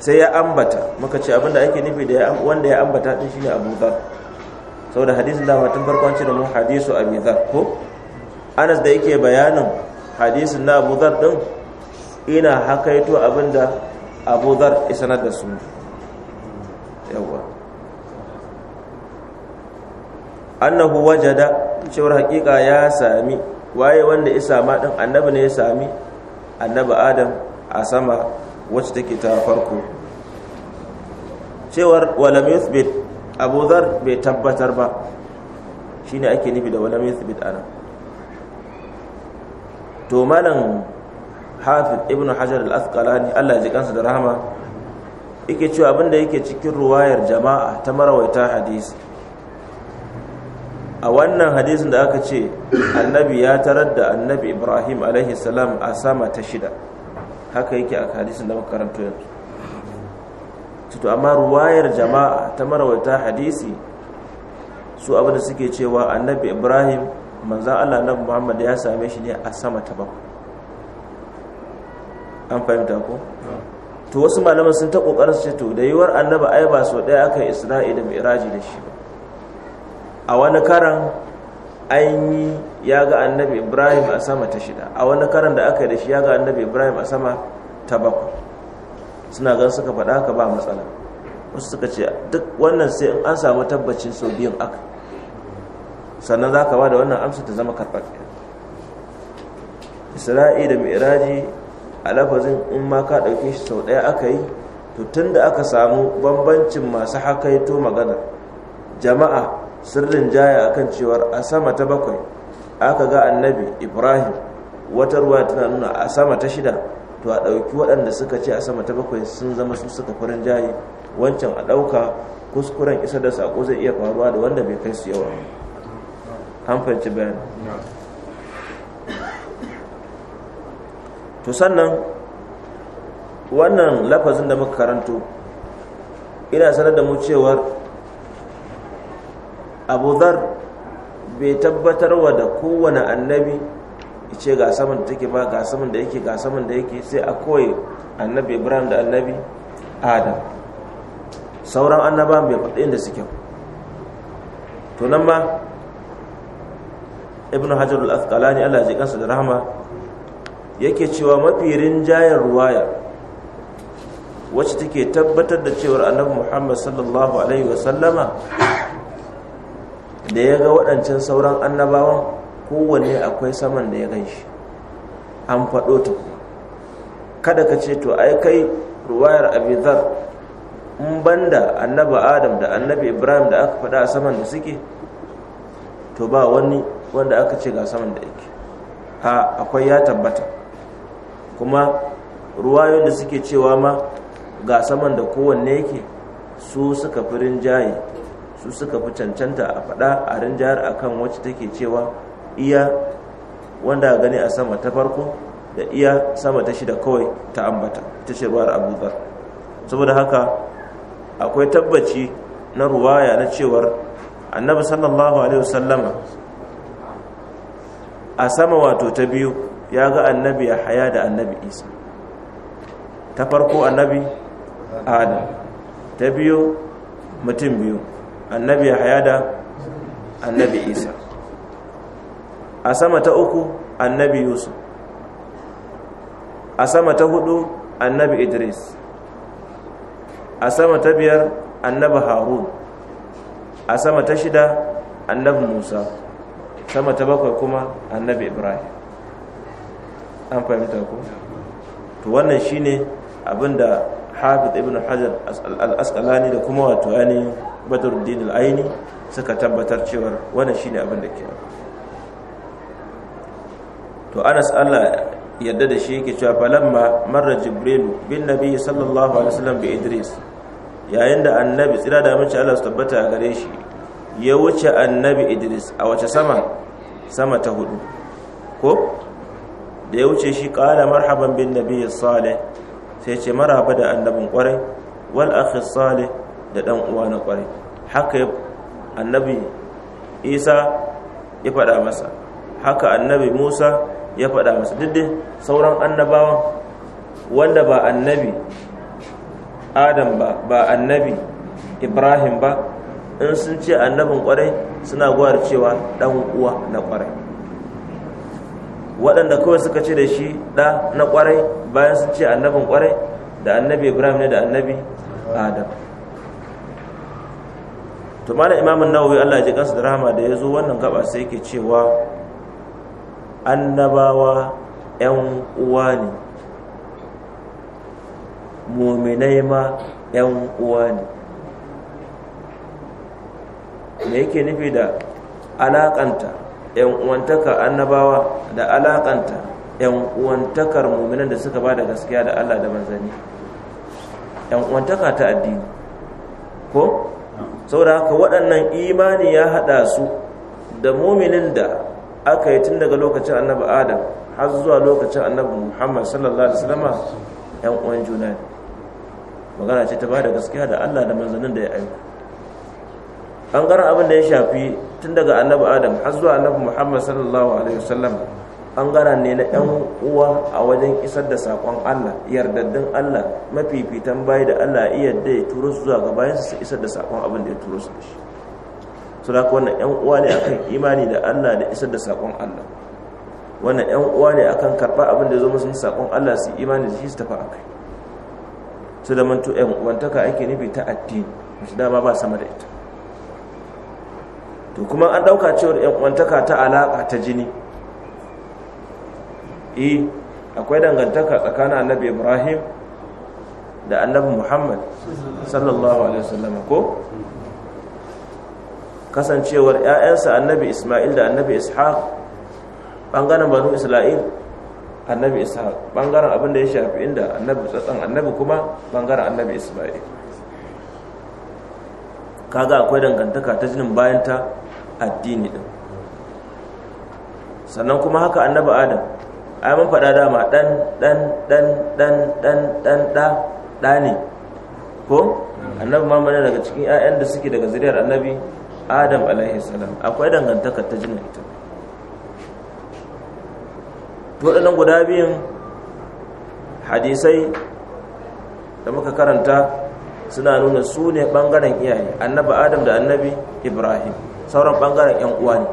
sai ya ambata muka ce abinda ake nufi da wanda ya ambata din shine Abu Dhar saboda hadisin da matan farkon ce da mu hadisu Abi Dhar ko Anas da yake bayanin hadisin na Abu Dhar din ina hakaito abinda Abu Dhar ya sanar da su yawa annahu wajada cewar hakika ya sami waye wanda isa ma din annabi ne ya sami annabi Adam a sama wacce take ta farko cewar walam yuthbit abu zar bai tabbatar ba shine ake nufi da walam yuthbit ana to malam hafiz ibnu hajar al-asqalani Allah ya kansa da rahama yake cewa abinda yake cikin ruwayar jama'a ta marawaita hadisi a wannan hadisin da aka ce annabi ya tarar da annabi ibrahim alaihi salam a sama ta shida haka yake a hadisin da muka karanto yanzu to amma ruwayar jama'a ta marawaita hadisi su abin da suke cewa annabi ibrahim manzan allah na muhammad ya same shi ne a sama ta bakwai an fahimta ko to wasu malaman sun ta kokarin su ce to da yiwuwar annaba ai ba so daya aka isra'i da mi'raji da shi ba a wani karan an yi ya ga annabi ibrahim a sama ta shida a wani karan da aka yi da shi ya ga annabi ibrahim a sama ta bakwai suna gan suka faɗa haka ba matsala wasu suka ce duk wannan sai in an samu tabbacin sau biyun aka sannan za ka ba da wannan amsa ta zama karɓaɓɓiya isra'i da mi'raji a lafazin in ma ka ɗauke shi sau ɗaya aka yi to tun da aka samu bambancin masu hakaito magana jama'a sirrin jaya akan cewar a sama ta bakwai aka ga annabi ibrahim wata ruwa tana nuna a sama ta shida to a ɗauki waɗanda suka ce a sama ta bakwai sun zama su suka farin jaye wancan a ɗauka kuskuren isa da saƙo zai iya faruwa da wanda bai kai su yawa an fahimci bayani to sannan wannan lafazin da muka karanto ina sanar da mu cewar abu zar bai tabbatar wa da kowane annabi ce ga saman da take ba ga saman da yake ga saman da yake sai a koyi annabi ibrahim da annabi adam sauran annaban bai faɗi inda suke Tunan ma Ibn hajar al-asqalani Allah ya kansa da rahama yake cewa mafi rinjayen ruwaya wacce take tabbatar da cewar annabi muhammad sallallahu alaihi wasallama da ya ga waɗancan sauran annabawan kowanne akwai saman da ya gan shi an faɗo ta kada ka ce to ai kai ruwayar abizar in banda annaba adam da annabi ibrahim da aka faɗa a saman da suke to ba wani wanda aka ce ga saman da yake a akwai ya tabbata kuma ruwayoyin da suke cewa ma ga saman da kowanne yake su suka firin jaye su suka fi cancanta a faɗa a rinjayar a kan wacce take cewa iya wanda gani a sama ta farko da iya sama ta shida kawai ta ambata ta shirwar abubuwa? abubuwar saboda haka akwai tabbaci na ruwaya na cewar annabi sallallahu alaihi wasallama a sama wato ta biyu ya ga annabi ya haya da annabi isa ta farko annabi adam ta biyu mutum biyu annabi yahya da annabi isa a sama ta uku annabi yusuf a sama ta hudu annabi idris a sama ta biyar annabi harun a sama ta shida annabi musa sama ta bakwai kuma annabi ibrahim an fahimta ku to wannan shine abinda hafiz ibn hajar al-asqalani da kuma wato ainihin badruddin al-aini suka tabbatar cewa wannan shine abin da ke to Anas Allah yadda da shi yake cewa falamma marra jibrilu bin nabi sallallahu alaihi wasallam bi idris yayin da annabi tsira da mace Allah su tabbata gare shi ya wuce annabi idris a wace sama sama ta hudu ko da ya wuce shi kala marhaban bin nabi salih sai ce maraba da annabin kwarai wal akhi salih da dan uwa na kwarai haka annabi isa ya faɗa masa haka annabi musa ya faɗa masa duk dai sauran annabawan wanda ba annabi adam ba ba annabi ibrahim ba in sun ce annabin kwarai suna gwara cewa dan uwa na kwarai waɗanda kawai suka ce da shi ɗa na kwarai bayan sun ce annabin kwarai da annabi ibrahim ne da annabi adam to malam imam nawawi Allah ji kansa da rahama da yazo wannan gaba sai yake cewa annabawa yan uwa ne muminai ma yan uwa ne me yake nufi da alakanta yan uwantaka annabawa da alakanta yan uwantakar muminan da suka ba da gaskiya da Allah da manzanni yan uwantaka ta addini ko saboda haka waɗannan imani ya haɗa su da muminin da aka yi tun daga lokacin annabi adam har zuwa lokacin annabi muhammad sallallahu alaihi wasallam yan uwan juna ne magana ce ta bada gaskiya da allah da manzannin da ya aiko bangaren abin da ya shafi tun daga annabi adam har zuwa annabi muhammad sallallahu alaihi wasallam ɓangaren ne na yan uwa a wajen isar da saƙon Allah yardaddin Allah mafifitan bayi da Allah iya da ya turo su zuwa ga bayan su isar da saƙon abin da ya turo su da shi su da wannan yan uwa ne akan imani da Allah da isar da saƙon Allah wannan yan uwa ne akan karɓa abin da ya zo musu saƙon Allah su imani da shi su tafi akai su da mantu yan uwantaka ake nufi ta addini shi dama ba sama da ita to kuma an ɗauka cewar yan uwantaka ta alaka ta jini eh akwai dangantaka tsakanin annabi ibrahim da annabi muhammad sallallahu alaihi wasallam ko kasancewar ƴaƴansa annabi isma'il da annabi ishaq bangaren banu isra'il annabi ishaq bangaren abin da ya shafi inda annabi tsatsan annabi kuma bangaren annabi isma'il kaga akwai dangantaka ta jinin bayan ta addini din sannan kuma haka annabi adam Amin mun faɗa dama ɗan ɗan ɗan ɗan ɗan ɗan ɗa ɗa ne ko annabi ma mana daga cikin 'ya'yan da suke daga zuriyar annabi adam alaihi salam akwai dangantaka ta jinin ita waɗannan guda biyun hadisai da muka karanta suna nuna su ne ɓangaren iyaye annabi adam da annabi ibrahim sauran ɓangaren 'yan uwa ne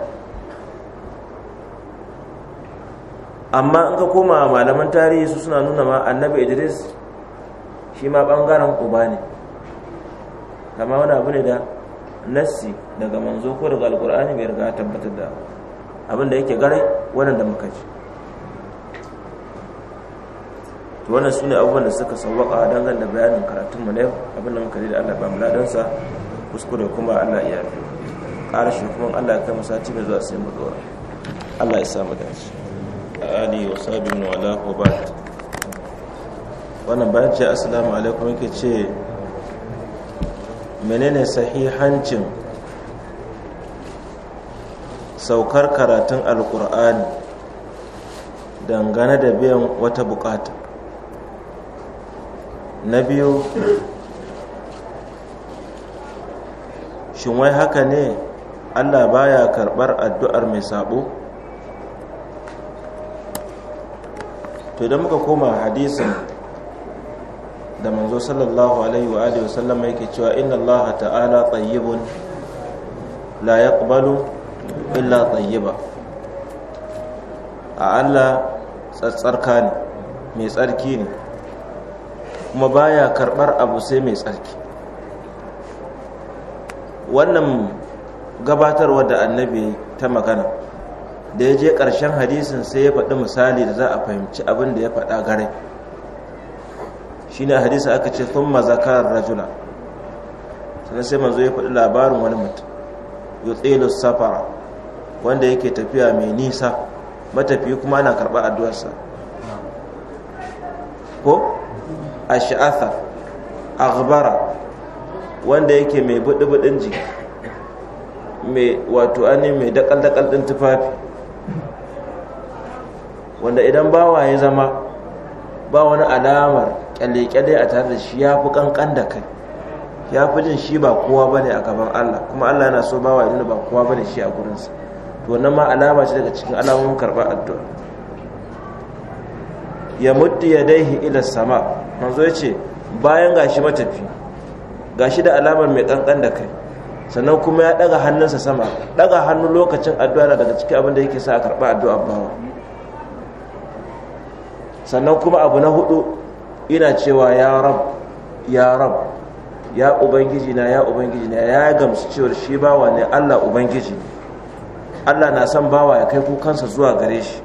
amma in ka koma malaman tarihi su suna nuna ma annabi idris shi ma bangaren uba ne kama wani abu ne da nassi daga manzo ko daga alkur'ani bai riga tabbatar da abin da yake gare da muka ci to wannan sune abubuwan da suka sauwaka a dangane da bayanin karatunmu na yau abin da muka ji da allah ba muladansa kuskure kuma allah iya yi ƙara kuma allah ya kai mu sati mai zuwa sai mu dora allah ya sa mu dace ali wa sabin wa ala wannan bayan ce asalamu alaikum yake ce menene sahihancin saukar karatun alkur'ani dangane da biyan wata bukata na biyu shin wai haka ne allah baya karbar addu'ar mai sabo to idan muka koma hadisin da manzo sallallahu alaihi wa alihi wasallam yake cewa inna allaha ta'ala tayyibun la yaqbalu illa tayyiba a Allah tsatsarka ne mai tsarki ne kuma baya karbar abu sai mai tsarki wannan gabatarwa da annabi ta magana da ya je ƙarshen hadisin sai ya faɗi misali da za a fahimci abin da ya faɗa gare shi shine hadisa aka ce sun mazakar rajula sannan sai manzo ya faɗi labarin wani mutum yutsilu safara wanda yake tafiya mai nisa matafi kuma ana karɓa addu'arsa ko a aghbara wanda yake mai buɗi-buɗin jiki mai wato ani mai dakal-dakal ɗin tufafi wanda idan bawa ya zama ba wani alamar kyalle-kyalle a tare da shi ya fi kankan da kai ya fi jin shi ba kowa ba ne a gaban Allah kuma Allah yana so bawa ya ba kowa ba ne shi a gurinsa to wannan ma alama ce daga cikin alamomin karɓar addu'a ya muddi ya daihi ila sama manzo ya ce bayan gashi matafi gashi da alamar mai kankan da kai sannan kuma ya daga hannunsa sama daga hannu lokacin addu'a daga cikin abin da yake sa a karɓar addu'a bawa sannan kuma abu na hudu ina cewa ya rab ya rab ya ubangiji na ya ubangiji na ya gamsu cewar shi bawa ne allah ubangiji allah na san bawa ya kai kukansa zuwa gare shi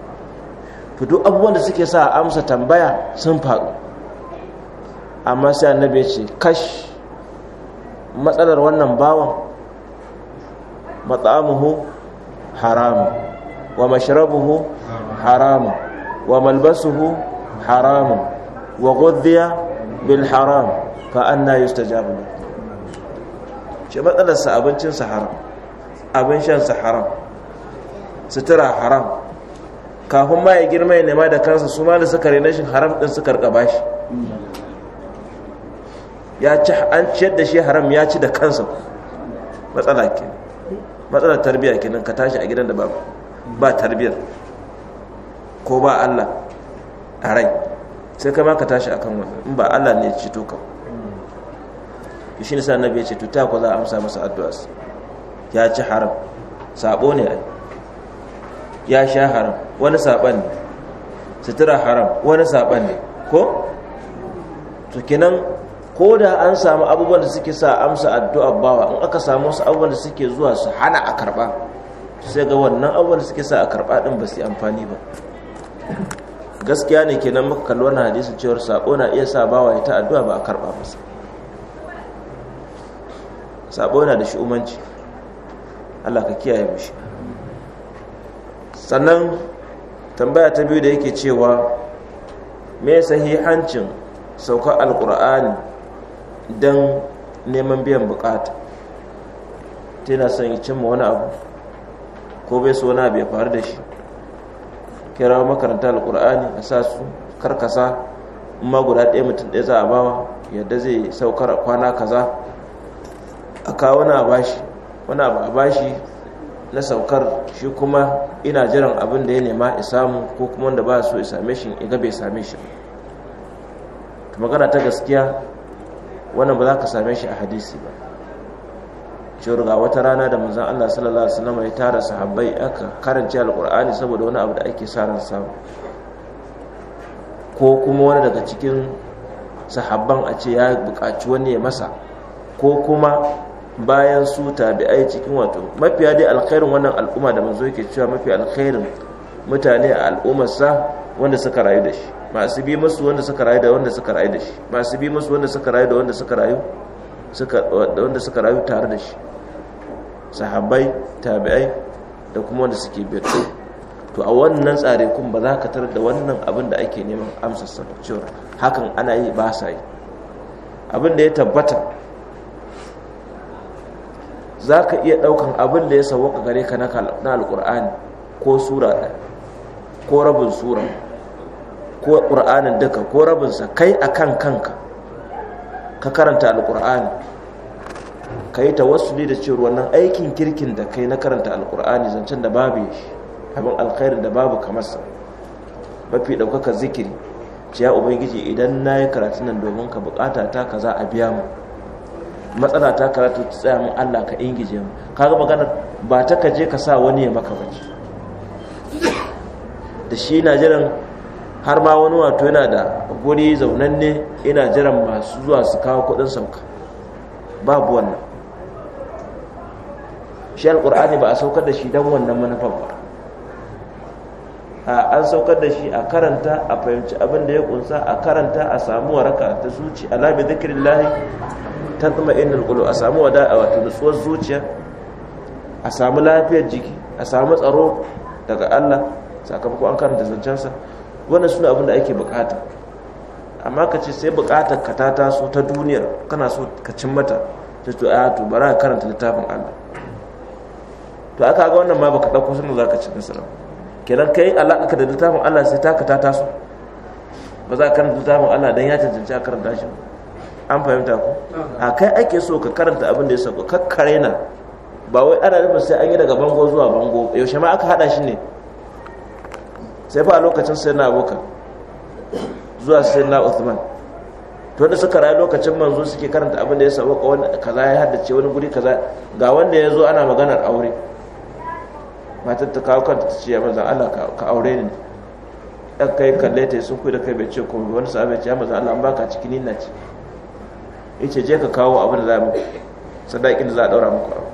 to duk abubuwan da suke sa amsa tambaya sun faru amma sai annabi ya ce kash matsalar wannan bawan matsamuhu haramu wa mashrabuhu haramu wa malbasuhu haramun wa ghudhiya bil haram fa anna yustajabu shi matsalar sa abincin sa haram abin shan sa haram sutura haram kafin ma ya girma ya nema da kansa su ma da suka rena shi haram din suka rika bashi ya ci an ciyar da shi haram ya ci da kansa matsala ke matsalar tarbiya kenan ka tashi a gidan da ba ba tarbiyar ko ba Allah a rai sai kai ma ka tashi akan wani in ba Allah ne ya to ka to shine sai annabi ya ce to ta ko za a amsa masa addu'a ya ci haram sabo ne ai ya sha haram wani saban ne sutura haram wani saban ne ko to kenan ko da an samu abubuwan da suke sa amsa addu'a bawa in aka samu su abubuwan da suke zuwa su hana a karba sai ga wannan abubuwan da suke sa a karba din ba su amfani ba gaskiya ne kenan muka kalli wannan hadisi cewar sabo na iya sa bawa ita addu'a ba a karba masa sabo yana da shi Allah ka kiyaye mishi sannan tambaya ta biyu da yake cewa me sahihancin saukar alkur'ani don neman biyan bukata tana son yi cimma wani abu ko bai so wani abu ya faru da shi kira makaranta alkur'ani a sa su karkasa ma guda ɗaya mutum ɗaya za a bawa yadda zai saukar kwana kaza a kawo na bashi wani abu a bashi na saukar shi kuma ina jiran abin da ya nema ya samu ko kuma wanda ba su ya same shi ya bai same shi magana ta gaskiya wannan ba za ka same shi a hadisi ba cewar ga wata rana da manzon Allah sallallahu alaihi wasallam ya tara sahabbai aka karanta alqur'ani saboda wani abu da ake sa ran samu ko kuma wani daga cikin sahabban a ce ya buƙaci wani ya masa ko kuma bayan su tabi'ai cikin wato mafiya dai alkhairin wannan al'umma da manzo yake cewa mafi alkhairin mutane a al'ummarsa wanda suka rayu da shi masu bi musu wanda suka rayu da wanda suka rayu da shi masu bi musu wanda suka rayu da wanda suka rayu suka wanda suka rayu tare da shi sahabbai tabi'ai da kuma wanda suke birtu to a wannan tsare kun ba za ka tarar da wannan abin da ake neman amsar sa hakan ana yi ba sa yi abin da ya tabbata za ka iya ɗaukan abin da ya sauwaka gare ka na alƙur'ani ko sura ɗaya ko rabin sura ko ƙur'anin duka ko rabinsa kai a kan kanka ka karanta alƙur'ani ka yi ne da cewar wannan aikin kirkin da kai na karanta alkur'ani zancen da babu shi abin alkhairin da babu kamarsa mafi ɗaukaka zikiri ciya ubangiji idan na yi karatu nan domin ka bukata ta ka za a biya mu matsala ta karatu ta tsaya mun allah ka ingije mu kaga magana ba ta kaje je ka sa wani ya maka bace da shi na jiran har ma wani wato yana da guri zaunanne ina jiran masu zuwa su kawo kuɗin sauka babu wannan shi alƙur'ani ba a saukar da shi don wannan manufan ba an saukar da shi a karanta a fahimci abin da ya kunsa a karanta a samu waraka ta zuci lahi ta zama tatma'innul qulub a samu a wata nutsuwar zuciya a samu lafiyar jiki a samu tsaro daga Allah sakamakon an karanta zancensa wannan suna abin da ake bukata amma ka ce sai bukatar ka ta taso ta duniyar kana so ka cin mata ta ah, to a bara karanta littafin Allah to aka ga wannan ma baka dauko sunan zaka ci nasara kenan kai alaka da littafin Allah sai ta ta taso ba za ka karanta littafin Allah dan ya cancanci a karanta shi an fahimta ku? a kai ake so ka karanta abin da ya sako, kakkare na ba wai ana nufin sai an yi daga bango zuwa bango yaushe ma aka hada shi ne sai fa a lokacin sai na abokan zuwa sai na Uthman to wanda suka rayu lokacin manzo suke karanta abin da ya saba wani kaza ya haddace wani guri kaza ga wanda ya zo ana maganar aure matar ta kawo kanta ta ce ya maza Allah ka aure ni dan kai kalle ta sun kuyi da kai bai ce komai wani sahabi bai ce ya maza Allah an baka cikin nina ce yace je ka kawo abin da za mu sadakin da za a daura muku abu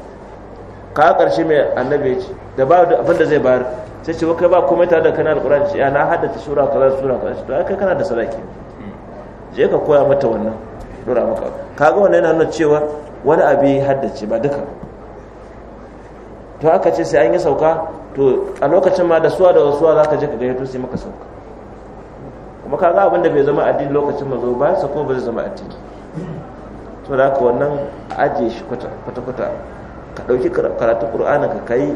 ka karshe mai annabi ya ce da ba abin da zai bayar sai ce kai ba komai tare da kana alquran ce ya na haddace sura kaza sura kaza to kai kana da sadaki je ka koya mata wannan dora maka ga wannan yana nuna cewa wani abu haddace ba duka to haka ce sai an yi sauka to a lokacin ma da suwa da wasuwa za ka je ka gayyato sai maka sauka kuma ga abin da bai zama addini lokacin mazo ba sa ko bai zama addini to da haka wannan ajiye shi kwata-kwata ka ɗauki karatu ƙur'anin ka kai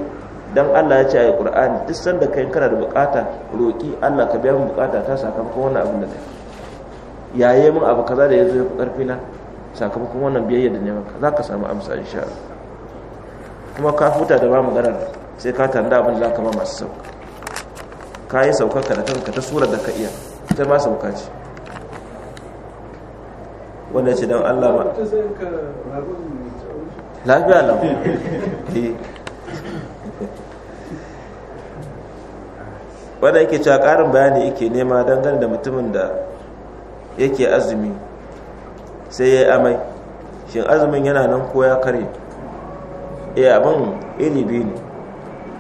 dan Allah ya ce a Qur'ani duk sanda kai kana da bukata roki Allah ka biya min bukata ta sakamakon wannan abin da kai yaye min abu kaza da zo ya fi karfi na sakamakon wannan biyayya da neman ka ka samu amsa insha Allah kuma ka huta da ba maganar sai ka tanda abin da za ka ba masu sauka ka yi saukar ka da kanka ta surar da ka iya ta ma sauka ce wanda ce don Allah ba lafiya lau eh. wanda yake cewa ƙarin bayani yake nema dangane da mutumin da yake azumi sai ya yi amai shin azumin yana nan ko ya kare eh abin ilibi ne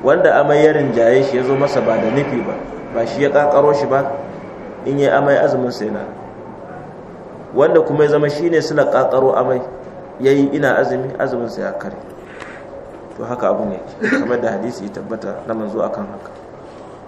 wanda amai ya rinjaye shi ya zo masa ba da nufi ba ba shi ya kakaro shi ba in yi amai azumin sai na wanda kuma ya zama shi ne suna kakaro amai ya yi ina azumi azumin sai ya kare to haka abu ne kamar da hadisi ya tabbata na manzo akan haka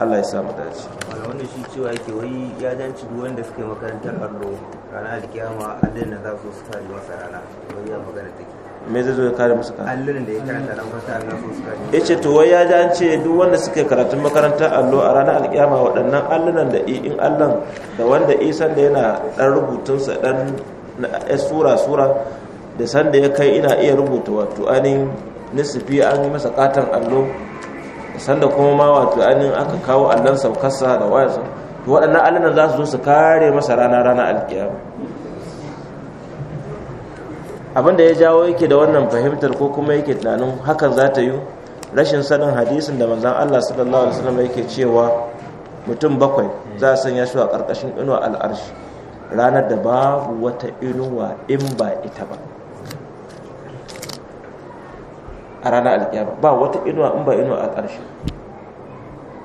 Allah ya samu dace wannan shi cewa yake wai ya danci duk wanda suka yi makarantar allo ranar alkiyama adana za su su kare masa rana wai ya magana take me zai zo ya kare musu kan allurin da ya karanta ran kwata Allah sun suka ne yace to wai ya ji an ce duk wanda suke karatun makarantar allo a ranar alƙiyama waɗannan allunan da i in allan da wanda isan da yana dan rubutun sa dan sura sura da sanda ya kai ina iya rubuta wato anin nisfi an yi masa katan allo sanda kuma ma wato anin aka kawo allon saukarsa da wayarsa to waɗannan allunan za su zo su kare masa rana rana alƙiyama. abin da ya jawo yake da wannan fahimtar ko kuma yake tunanin hakan za ta yi rashin sanin hadisin da manzan Allah sallallahu alaihi wasallam yake cewa mutum bakwai za a sanya su a ƙarƙashin inuwa al'arshi ranar da babu wata inuwa in ba ita ba a ranar alƙiyama ba wata inuwa in ba inuwa al'arshi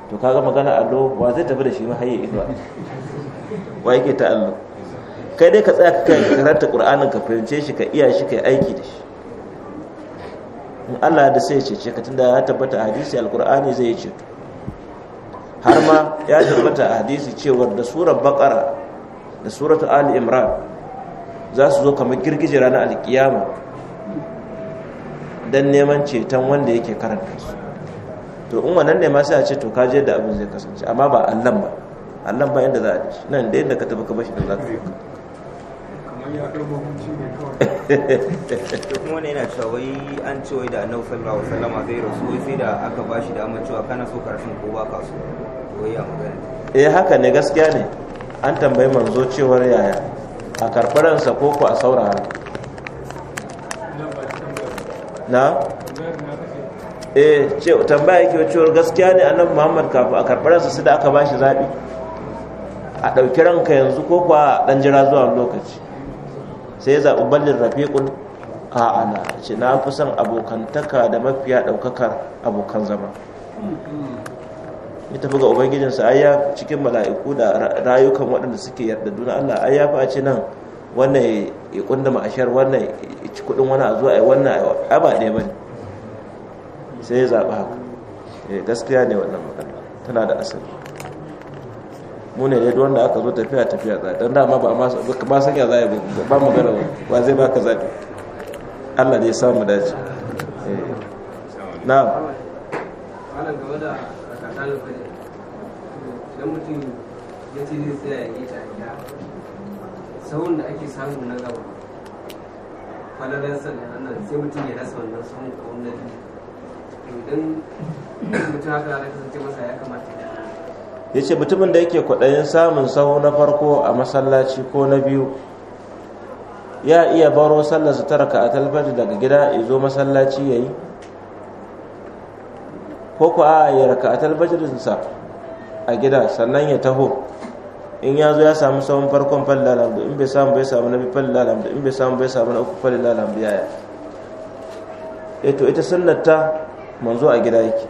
to kaga magana allo wa zai tafi da shi mahayi inuwa wa yake ta allo kai dai ka tsaya ka karanta qur'anin ka fahimce shi ka iya shi ka aiki da shi in Allah da sai ya cece ka tunda ya tabbata hadisi alqur'ani zai ce ceto har ma ya tabbata hadisi cewar da surar baqara da suratul ali imran za su zo kamar girgije ranar alkiyama dan neman ceton wanda yake karanta su to in wannan ne ma sai a ce to kaje da abin zai kasance amma ba allan ba allan ba yadda za a ci nan da yadda ka tafi ka bashi da za ka wani yana cewa wai an ce wai da annabi sallallahu alaihi wasallam zai rasu wai sai da aka shi da amma cewa kana so karshen ko ba ka so wai ya magana eh haka ne gaskiya ne an tambayi manzo cewar yaya a karɓaransa ko ko a saurara na eh ce tambaya yake cewar gaskiya ne annabi Muhammad Kafu a karɓaransa sai da aka ba shi zabi a ɗauki ranka yanzu ko kuwa ɗan jira zuwa lokaci sai ya zaɓi ballin a a'ana ce na fi son abokantaka da mafiya ɗaukakar abokan zama ya tafi ga ubangijinsa ai ya cikin mala'iku da rayukan waɗanda suke yarda duna? Allah ai ya fi a ce nan wannan ya kunda ma'ashiyar wannan ya ci kuɗin wani a zuwa ai wannan ai ba ɗaya bane sai ya zaɓi haka eh, gaskiya ne wannan magana tana da asali mu ne dai wanda aka zo tafiya tafiya za dan dama ba ma san ya za ya ba mu gara wa zai baka zabi Allah ne ya samu dace eh. na'am malam gaba da zakatan lokaci dan mutum ya ce zai tsaya ya ita gida sahun da ake samu na gaba kwalaran sannan nan sai mutum ya rasa wannan sahun ko wannan idan mutum haka da kasance masa ya kamata ya ya ce mutumin da yake kwaɗayin samun sahu na farko a masallaci ko na biyu ya iya baro sallarsa ta raka a talfaji daga gida ya zo masallaci ya yi ko ku a ya raka a talfajirinsa a gida sannan ya taho in ya zo ya samu sahun farkon falla lambu in bai samu bai samu na bi falla lambu in bai samu bai samu na uku falla lambu yaya eto eh ita sunnata manzo a gida yake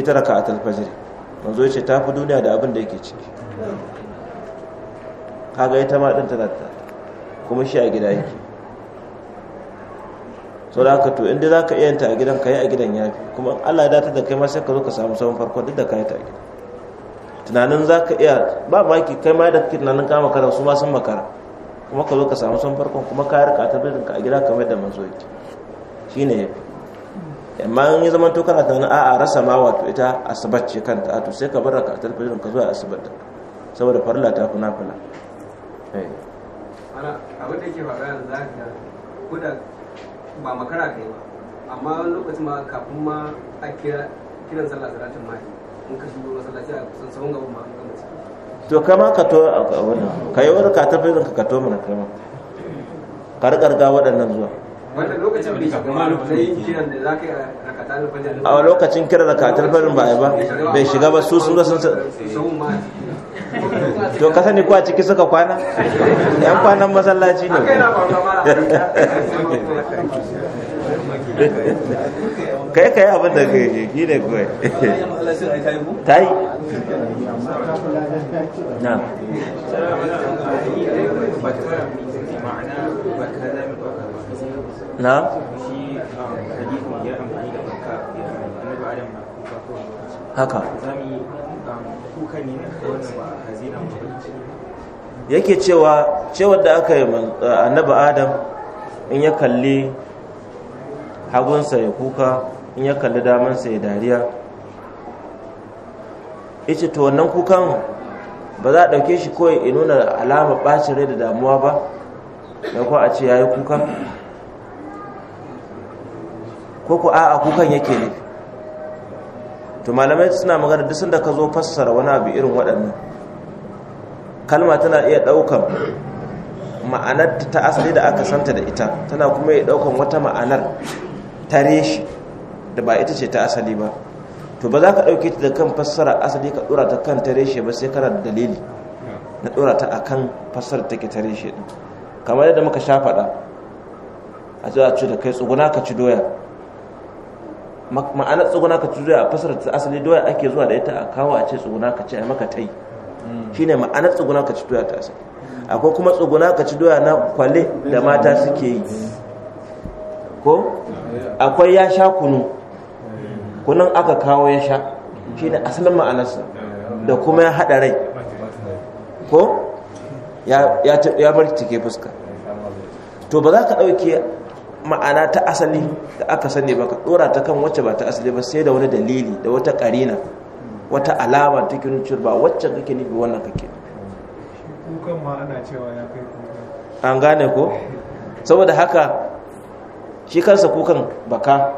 ita raka a talfajiri manzo ya ce ta fi duniya da abin da yake ciki kaga ita ma ɗin tana ta kuma shi a gida yake sau da haka to inda za ka iyanta yanta a gidan ka yi a gidan ya fi kuma allah ya datar da kai ma sai ka zo ka samu sabon farko duk da ka yi ta a gida tunanin za ka iya ba maki kai ma da ke tunanin kama makara su ma sun makara kuma ka zo ka samu sabon farkon kuma ka yi rikata ta ka a gida kamar da manzo yake shi ne ya fi amma in ya zama to kana tunanin a'a rasa ma wato ita asabar ce kan a to sai ka bar raka ta fajirin ka zuwa asabar da saboda farla ta kuna eh. fula abin da ke faruwa yanzu za ka ko da ba makara ka yi ba amma wani lokacin ma kafin ma a kira kiran sallah salatin ma in ka shigo masallaci a kusan sahun gaban ma an gama ciki to kama ka to a wannan yi wani ka ta fajirin ka ka to mana kama ga waɗannan zuwa wannan lokacin bai shiga ba kiran yi a a lokacin kiran da katar ba ba bai shiga ba su sun ga sun to ka sani ko ciki suka kwana yan kwanan masallaci ne kai kai abin da ke yi gine kuwa ta yi na na haka yake cewa cewar da aka yi eh, annaba adam in ya kalli hagunsa ya kuka in ya kalli damansa ya dariya ice to wannan kukan ba za a ɗauke shi kawai ya nuna alama ɓacin rai da damuwa ba da kuwa a ce ya yi kuka ko ku a'a kukan yake ne. to malamai suna magana duk da ka zo fassara wani abu irin waɗannan kalma tana iya ɗaukan ma'anar ta asali da aka santa da ita tana kuma iya ɗaukan wata ma'anar tare shi da ba ita ce ta asali ba to ba za ka ɗauke ta da kan fassara asali ka ɗora ta kan tare shi ba sai kana da dalili na ɗora ta a kan fassara ta tare shi kamar yadda muka sha faɗa a ce da kai tsuguna ka ci doya ma'ana tsuguna ka ci doya fasar ta asali doya ake zuwa da ita a kawo a ce tsuguna ka ci a maka tai hmm. shine ma'anar tsuguna ka ci doya ta asali akwai kuma tsuguna ka ci doya na kwale da mata suke yi ko akwai ya sha kunu kunun aka kawo ya sha shine asalin ma'anar sa da kuma ya hada rai ko ya bar cike fuska to ba za ka dauke ma'ana ta asali da aka sani ba ka dora ta kan wacce ba ta asali ba sai da wani dalili da wata karina wata alama ta kinu ba wacce kake nufi wannan kake kukan ma ana cewa ya kai kukan an gane ko saboda haka shi kansa kukan baka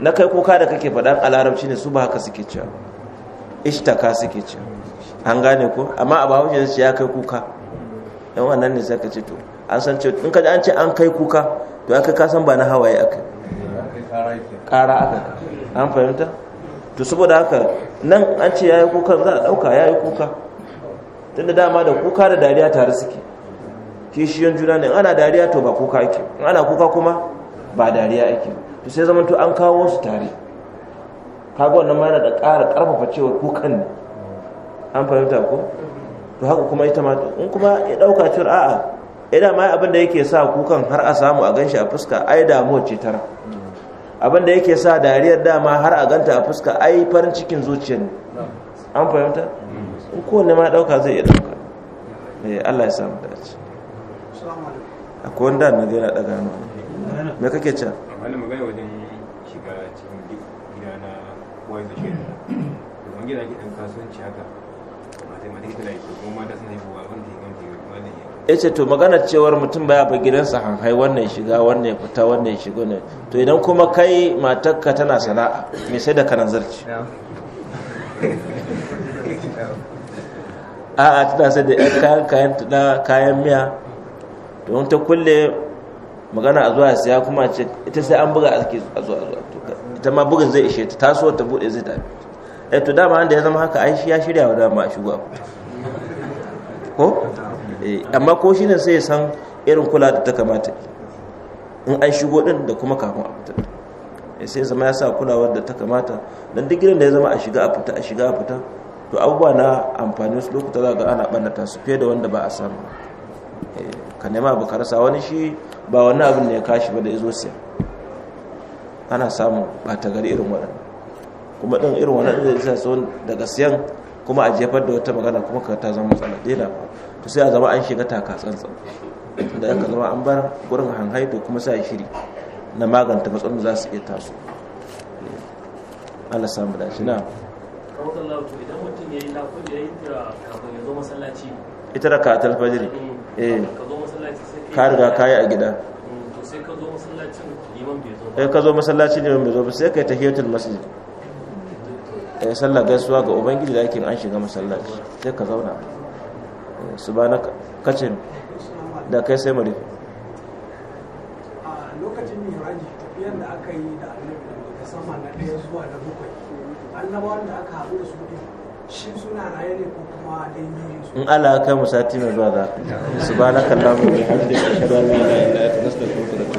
na kai kuka da kake faɗan a larabci ne su ba haka suke cewa ishtaka suke cewa an gane ko amma a bahaushe zai ce ya kai kuka yan wannan ne sai ka ce to an san ce in ka an ce an kai kuka to aka kasan ba na hawaye aka Kara aka an fahimta to saboda haka nan an ce yayi kuka za a ɗauka yayi kuka tunda dama da kuka da dariya tare suke kishiyan juna ne ana dariya to ba kuka ake ana kuka kuma ba dariya ake to sai zama to an kawo su tare kaga wannan ma yana da ƙara ƙarfafa cewa kukan ne an fahimta ko to haka kuma ita ma in kuma ya ɗauka cewa a'a idan eh, ma abin da yake sa kukan har a samu a ganshi a fuska ai damuwar ce tara abinda yake sa dariyar dama har a ganta a fuska ai farin cikin zuciya ne an fahimta ko kowanne ma dauka zai iya dauka ne eh, Allah ya samu dace akwai wanda na ga yana daga nuna me kake can amma magana wajen shiga cikin gida na wayar da da wani gida ke dan kasuwanci haka ya ce to magana cewar mutum baya ba gidansa hanhai wannan shiga wannan fita wannan shiga ne to idan kuma kai matakka tana sana'a me sai da kanan zarci a'a tana sai da yan kayan kayan tuna kayan miya to ta kulle magana a zuwa siya kuma ce ita sai an buga a zuwa ita ma bugun zai ishe ta taso ta bude zai tafi eh to dama da ya zama haka ai shi ya shirya wa dama a shigo a fita ko eh, amma ko shi ne sai ya san irin kula da ta kamata in an shigo din da kuma kafin a fita eh, sai zama ya sa kula da ta kamata don duk gidan da ya zama a shiga a fita a shiga a fita to abubuwa na amfani su lokuta za ga ana ɓannata su fiye da wanda ba a samu eh, ka nema abu karasa wani shi ba wani abin da ya kashi ba da ya zo siya ana ba ta gari irin waɗanda kuma ɗin irin wannan zai sa su daga siyan kuma a jefar da wata magana kuma ka ta zama matsala daina ba to sai a zama an shiga taka tsantsan da aka zama an bar gurin hanhai to kuma sai shiri na maganta matsalolin za su iya taso Allah samu shi na idan mutum ya yi lafiyar ya yi kafin ya zo masallaci ita da ka atal fajiri eh, eh ka sai ka yi a gida eh, sai ka zo masallacin liman bai zo ba sai eh, ka zo masallacin liman bai zo ba sai ka yi tahiyatul masjid kai sallah gaisuwa ga ubangiji da kin an shiga masallaci sai ka zauna eh, su ba na kacin da kai sai mu lokacin miraji tafiyar da aka yi da annabi daga sama na ɗaya zuwa na bakwai annabawan da aka haɗu da su shi suna raye ne ko kuma dai ne in Allah ya kai mu sati mai zuwa da su ba na kallon mu da da yi ya na su